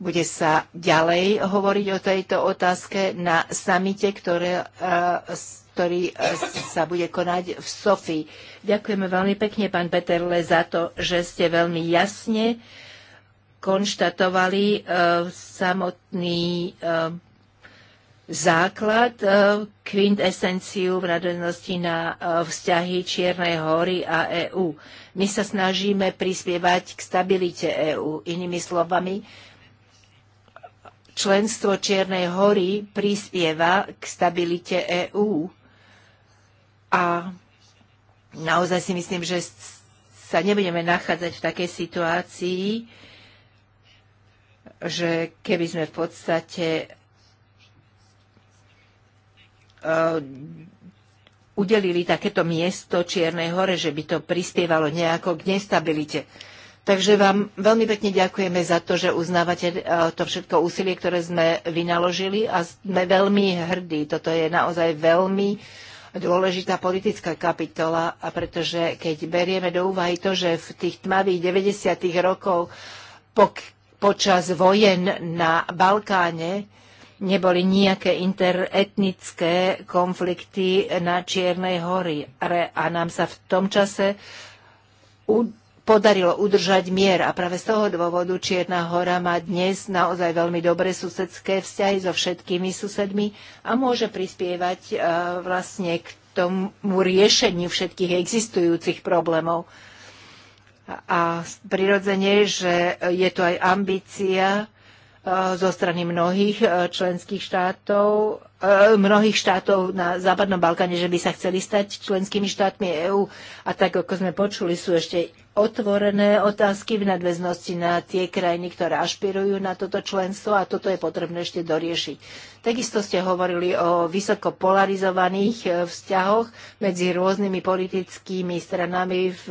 Speaker 3: bude sa ďalej hovoriť o tejto otázke na samite, ktoré, e, ktorý e, sa bude konať v Sofii. Ďakujeme veľmi pekne, pán Peterle, za to, že ste veľmi jasne konštatovali e, samotný základ, kvintesenciu v nadväznosti na vzťahy Čiernej hory a EÚ. My sa snažíme prispievať k stabilite EÚ. Inými slovami, členstvo Čiernej hory prispieva k stabilite EÚ. A naozaj si myslím, že sa nebudeme nachádzať v takej situácii, že keby sme v podstate eh, udelili takéto miesto Čiernej hore, že by to prispievalo nejako k nestabilite. Takže vám veľmi pekne ďakujeme za to, že uznávate e, to všetko úsilie, ktoré sme vynaložili a sme veľmi hrdí. Toto je naozaj veľmi dôležitá politická kapitola, a pretože keď berieme do úvahy to, že v tých tmavých 90. rokov pok- počas vojen na Balkáne neboli nejaké interetnické konflikty na Čiernej hory a nám sa v tom čase podarilo udržať mier a práve z toho dôvodu Čierna hora má dnes naozaj veľmi dobré susedské vzťahy so všetkými susedmi a môže prispievať e, vlastne k tomu riešeniu všetkých existujúcich problémov. A prirodzene, že je to aj ambícia E, zo strany mnohých e, členských štátov, e, mnohých štátov na Západnom Balkáne, že by sa chceli stať členskými štátmi EÚ. A tak, ako sme počuli, sú ešte otvorené otázky v nadväznosti na tie krajiny, ktoré ašpirujú na toto členstvo a toto je potrebné ešte doriešiť. Takisto ste hovorili o vysoko polarizovaných vzťahoch medzi rôznymi politickými stranami v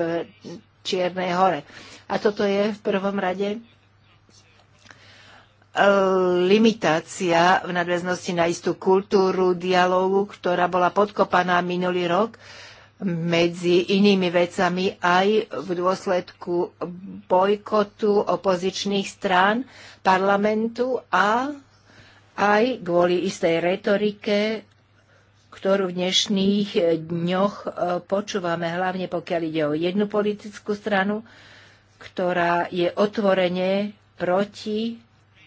Speaker 3: Čiernej hore. A toto je v prvom rade limitácia v nadväznosti na istú kultúru dialógu, ktorá bola podkopaná minulý rok medzi inými vecami aj v dôsledku bojkotu opozičných strán parlamentu a aj kvôli istej retorike, ktorú v dnešných dňoch e, počúvame, hlavne pokiaľ ide o jednu politickú stranu, ktorá je otvorene proti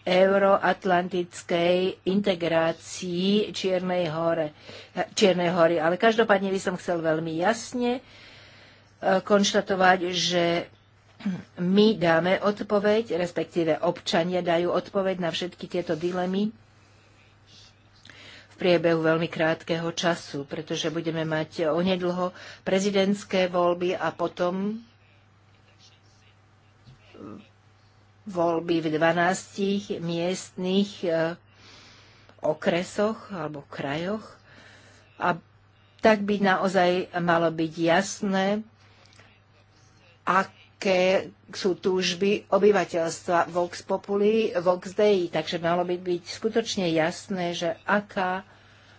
Speaker 3: euroatlantickej integrácii Čiernej, hore, Čiernej hory. Ale každopádne by som chcel veľmi jasne e, konštatovať, že my dáme odpoveď, respektíve občania dajú odpoveď na všetky tieto dilemy v priebehu veľmi krátkeho času, pretože budeme mať onedlho prezidentské voľby a potom voľby v 12 miestných e, okresoch alebo krajoch. A tak by naozaj malo byť jasné, aké sú túžby obyvateľstva Vox Populi, Vox Dei. Takže malo by byť skutočne jasné, že aká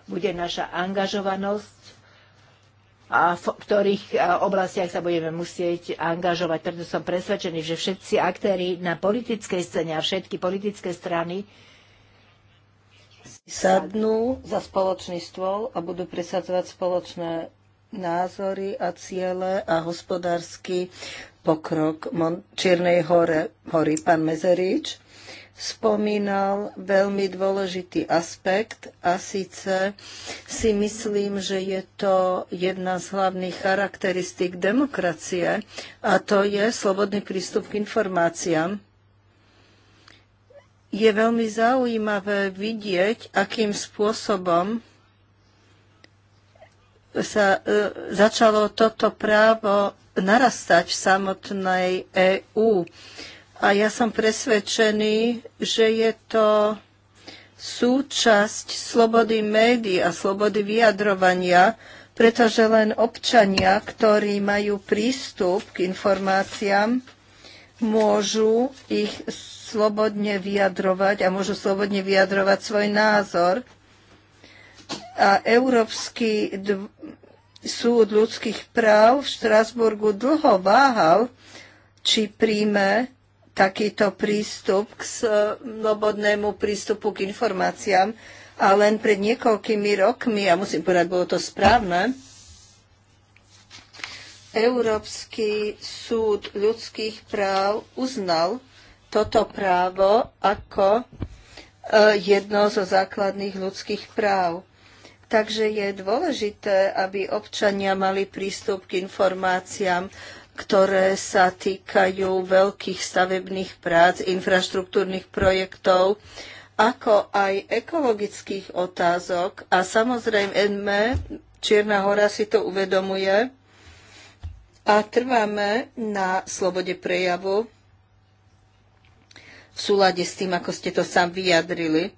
Speaker 3: bude naša angažovanosť a v ktorých e, oblastiach sa budeme musieť angažovať. Preto som presvedčený, že všetci aktéry na politickej scéne a všetky politické strany
Speaker 1: sadnú za spoločný stôl a budú presadzovať spoločné názory a ciele a hospodársky pokrok Mon- Čiernej hore, hory. Pán Mezerič spomínal veľmi dôležitý aspekt a síce si myslím, že je to jedna z hlavných charakteristík demokracie a to je slobodný prístup k informáciám. Je veľmi zaujímavé vidieť, akým spôsobom sa e, začalo toto právo narastať v samotnej EÚ. E, a ja som presvedčený, že je to súčasť slobody médií a slobody vyjadrovania, pretože len občania, ktorí majú prístup k informáciám, môžu ich slobodne vyjadrovať a môžu slobodne vyjadrovať svoj názor. A Európsky súd ľudských práv v Štrasburgu dlho váhal, či príjme takýto prístup k slobodnému prístupu k informáciám a len pred niekoľkými rokmi, a musím povedať, bolo to správne, Európsky súd ľudských práv uznal toto právo ako e, jedno zo základných ľudských práv. Takže je dôležité, aby občania mali prístup k informáciám ktoré sa týkajú veľkých stavebných prác, infraštruktúrnych projektov, ako aj ekologických otázok. A samozrejme, Čierna hora si to uvedomuje a trváme na slobode prejavu v súlade s tým, ako ste to sám vyjadrili.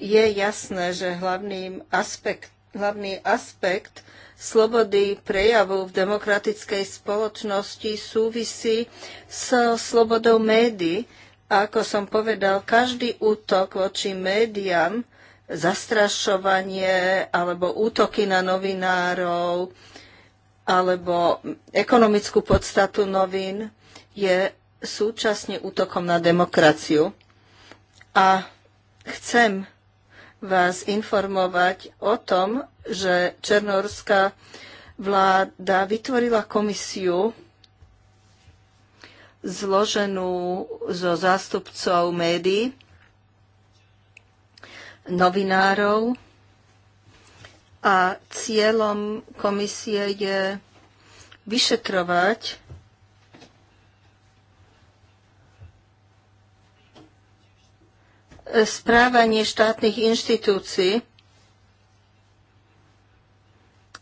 Speaker 1: Je jasné, že hlavný aspekt, hlavný aspekt slobody prejavu v demokratickej spoločnosti súvisí s slobodou médií. A ako som povedal, každý útok voči médiám, zastrašovanie alebo útoky na novinárov alebo ekonomickú podstatu novín je súčasne útokom na demokraciu. A chcem vás informovať o tom, že černorská vláda vytvorila komisiu zloženú zo zástupcov médií, novinárov a cieľom komisie je vyšetrovať správanie štátnych inštitúcií.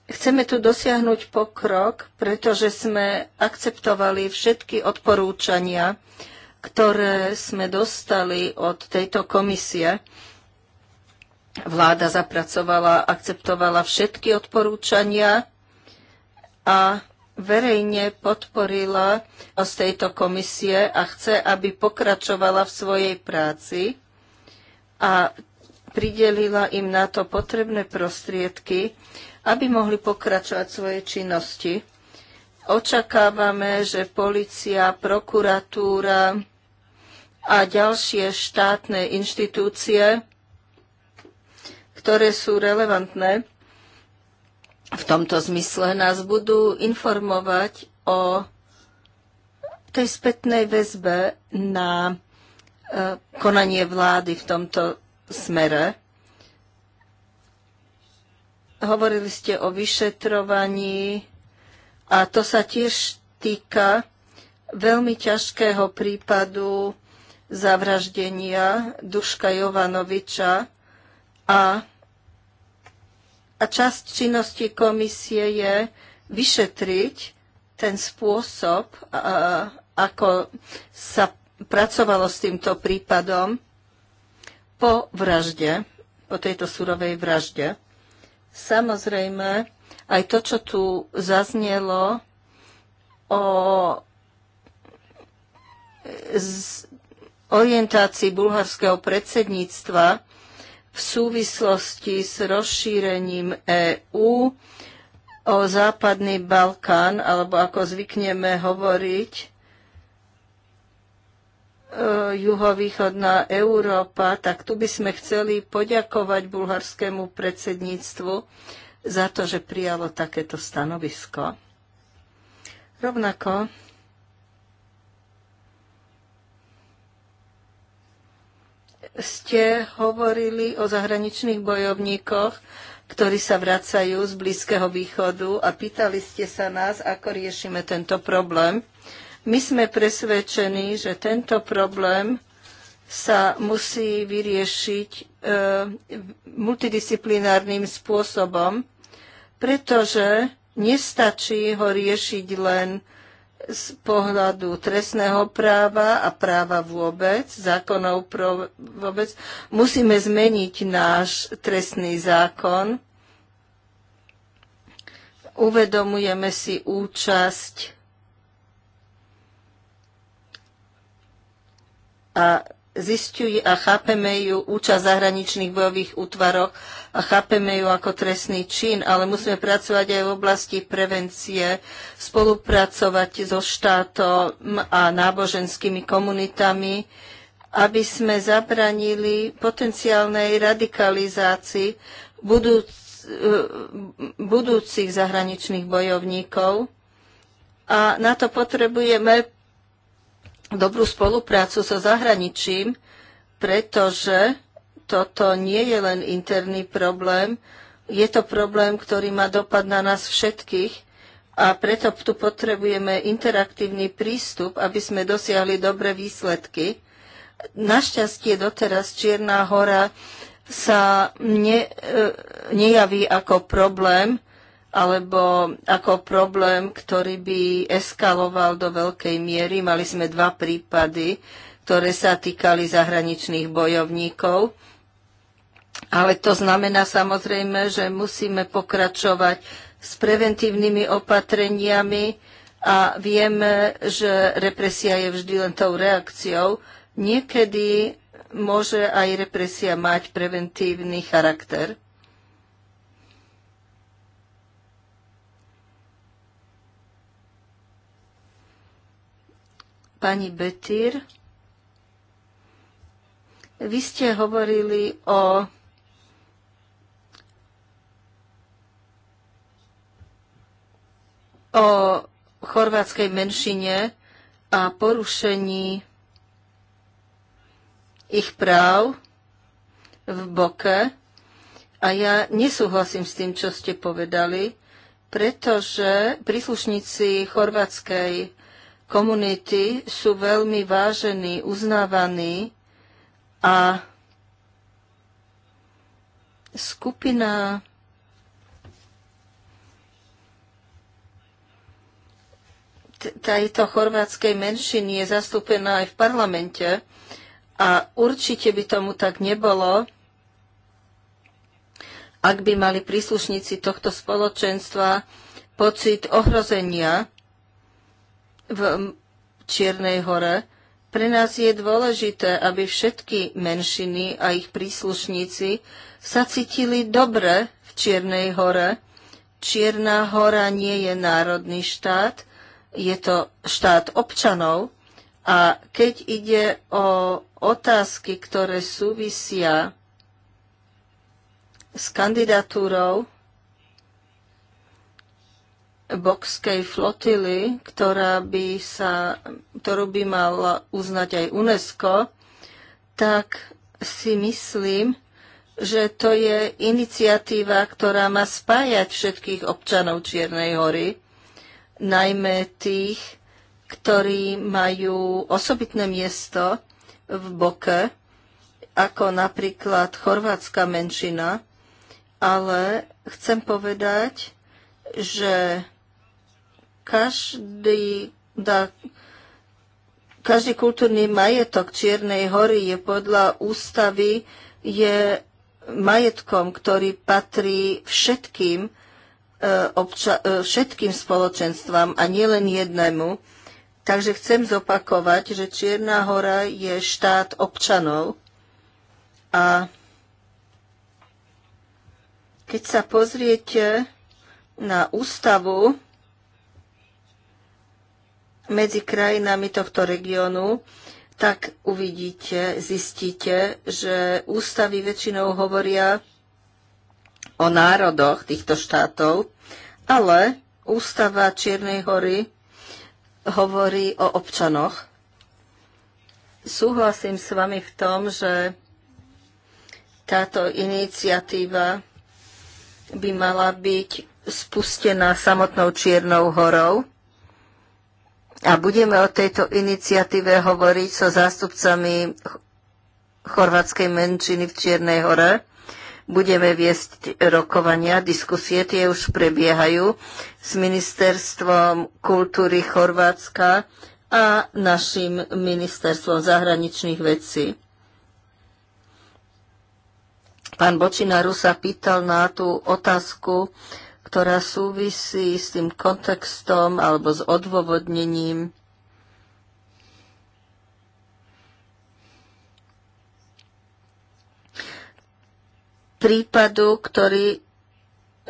Speaker 1: Chceme tu dosiahnuť pokrok, pretože sme akceptovali všetky odporúčania, ktoré sme dostali od tejto komisie. Vláda zapracovala, akceptovala všetky odporúčania a verejne podporila z tejto komisie a chce, aby pokračovala v svojej práci a pridelila im na to potrebné prostriedky, aby mohli pokračovať svoje činnosti. Očakávame, že policia, prokuratúra a ďalšie štátne inštitúcie, ktoré sú relevantné, v tomto zmysle nás budú informovať o tej spätnej väzbe na E, konanie vlády v tomto smere. Hovorili ste o vyšetrovaní a to sa tiež týka veľmi ťažkého prípadu zavraždenia Duška Jovanoviča a, a časť činnosti komisie je vyšetriť ten spôsob, a, ako sa pracovalo s týmto prípadom po vražde, po tejto surovej vražde. Samozrejme, aj to, čo tu zaznelo o orientácii bulharského predsedníctva v súvislosti s rozšírením EÚ o západný Balkán, alebo ako zvykneme hovoriť, E, juhovýchodná Európa, tak tu by sme chceli poďakovať bulharskému predsedníctvu za to, že prijalo takéto stanovisko. Rovnako ste hovorili o zahraničných bojovníkoch, ktorí sa vracajú z Blízkeho východu a pýtali ste sa nás, ako riešime tento problém. Uh, my sme presvedčení, že tento problém sa musí vyriešiť e, multidisciplinárnym spôsobom, pretože nestačí ho riešiť len z pohľadu trestného práva a práva vôbec, zákonov pro, vôbec. Musíme zmeniť náš trestný zákon. Uvedomujeme si účasť a zistuje a chápeme ju účasť zahraničných bojových útvarov a chápeme ju ako trestný čin, ale musíme pracovať aj v oblasti prevencie, spolupracovať so štátom a náboženskými komunitami, aby sme zabranili potenciálnej radikalizácii budúc, budúcich zahraničných bojovníkov. A na to potrebujeme dobrú spoluprácu so zahraničím, pretože toto nie je len interný problém, je to problém, ktorý má dopad na nás všetkých a preto tu potrebujeme interaktívny prístup, aby sme dosiahli dobré výsledky. Našťastie doteraz Čierna hora sa ne, e, nejaví ako problém, alebo ako problém, ktorý by eskaloval do veľkej miery. Mali sme dva prípady, ktoré sa týkali zahraničných bojovníkov. Ale to znamená samozrejme, že musíme pokračovať s preventívnymi opatreniami a vieme, že represia je vždy len tou reakciou. Niekedy môže aj represia mať preventívny charakter. Pani Betír, vy ste hovorili o o chorvátskej menšine a porušení ich práv v Boke. A ja nesúhlasím s tým, čo ste povedali, pretože príslušníci chorvátskej komunity sú veľmi vážení, uznávaní a skupina tejto chorvátskej menšiny je zastúpená aj v parlamente a určite by tomu tak nebolo, ak by mali príslušníci tohto spoločenstva pocit ohrozenia, v Čiernej hore. Pre nás je dôležité, aby všetky menšiny a ich príslušníci sa cítili dobre v Čiernej hore. Čierna hora nie je národný štát, je to štát občanov a keď ide o otázky, ktoré súvisia s kandidatúrou bokskej flotily, ktorá by sa, ktorú by mal uznať aj UNESCO, tak si myslím, že to je iniciatíva, ktorá má spájať všetkých občanov Čiernej hory, najmä tých, ktorí majú osobitné miesto v Boke, ako napríklad chorvátska menšina, ale chcem povedať, že každý, da, každý kultúrny majetok Čiernej hory je podľa ústavy je majetkom, ktorý patrí všetkým, e, obča- e, všetkým spoločenstvám a nielen jednému. Takže chcem zopakovať, že Čierna hora je štát občanov a keď sa pozriete na ústavu, medzi krajinami tohto regiónu, tak uvidíte, zistíte, že ústavy väčšinou hovoria o národoch týchto štátov, ale ústava Čiernej hory hovorí o občanoch. Súhlasím s vami v tom, že táto iniciatíva by mala byť spustená samotnou Čiernou horou a budeme o tejto iniciatíve hovoriť so zástupcami chorvátskej menšiny v Čiernej hore. Budeme viesť rokovania, diskusie, tie už prebiehajú s Ministerstvom kultúry Chorvátska a našim Ministerstvom zahraničných vecí. Pán Bočina sa pýtal na tú otázku ktorá súvisí s tým kontextom alebo s odôvodnením prípadu, ktorý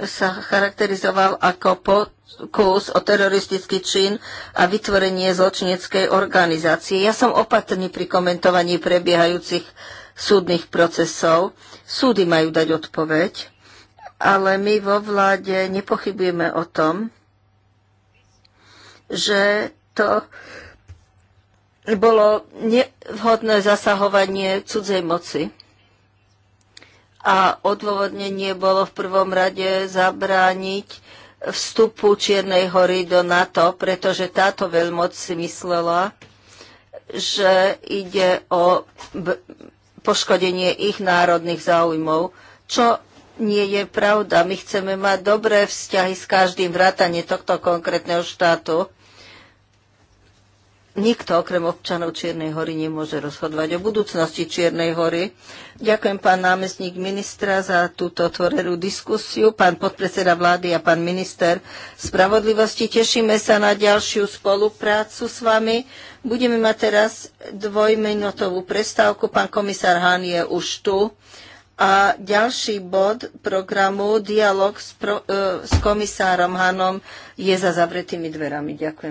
Speaker 1: sa charakterizoval ako pokus o teroristický čin a vytvorenie zločineckej organizácie. Ja som opatrný pri komentovaní prebiehajúcich súdnych procesov. Súdy majú dať odpoveď ale my vo vláde nepochybujeme o tom, že to bolo nevhodné zasahovanie cudzej moci. A odôvodnenie bolo v prvom rade zabrániť vstupu Čiernej hory do NATO, pretože táto veľmoc si myslela, že ide o poškodenie ich národných záujmov, čo nie je pravda. My chceme mať dobré vzťahy s každým vrátane tohto konkrétneho štátu. Nikto okrem občanov Čiernej hory nemôže rozhodovať o budúcnosti Čiernej hory. Ďakujem pán námestník ministra za túto otvorenú diskusiu, pán podpredseda vlády a pán minister spravodlivosti. Tešíme sa na ďalšiu spoluprácu s vami. Budeme mať teraz dvojminútovú prestávku. Pán komisár Hán je už tu. A ďalší bod programu, dialog s, pro, e, s komisárom Hanom, je za zavretými dverami. Ďakujem.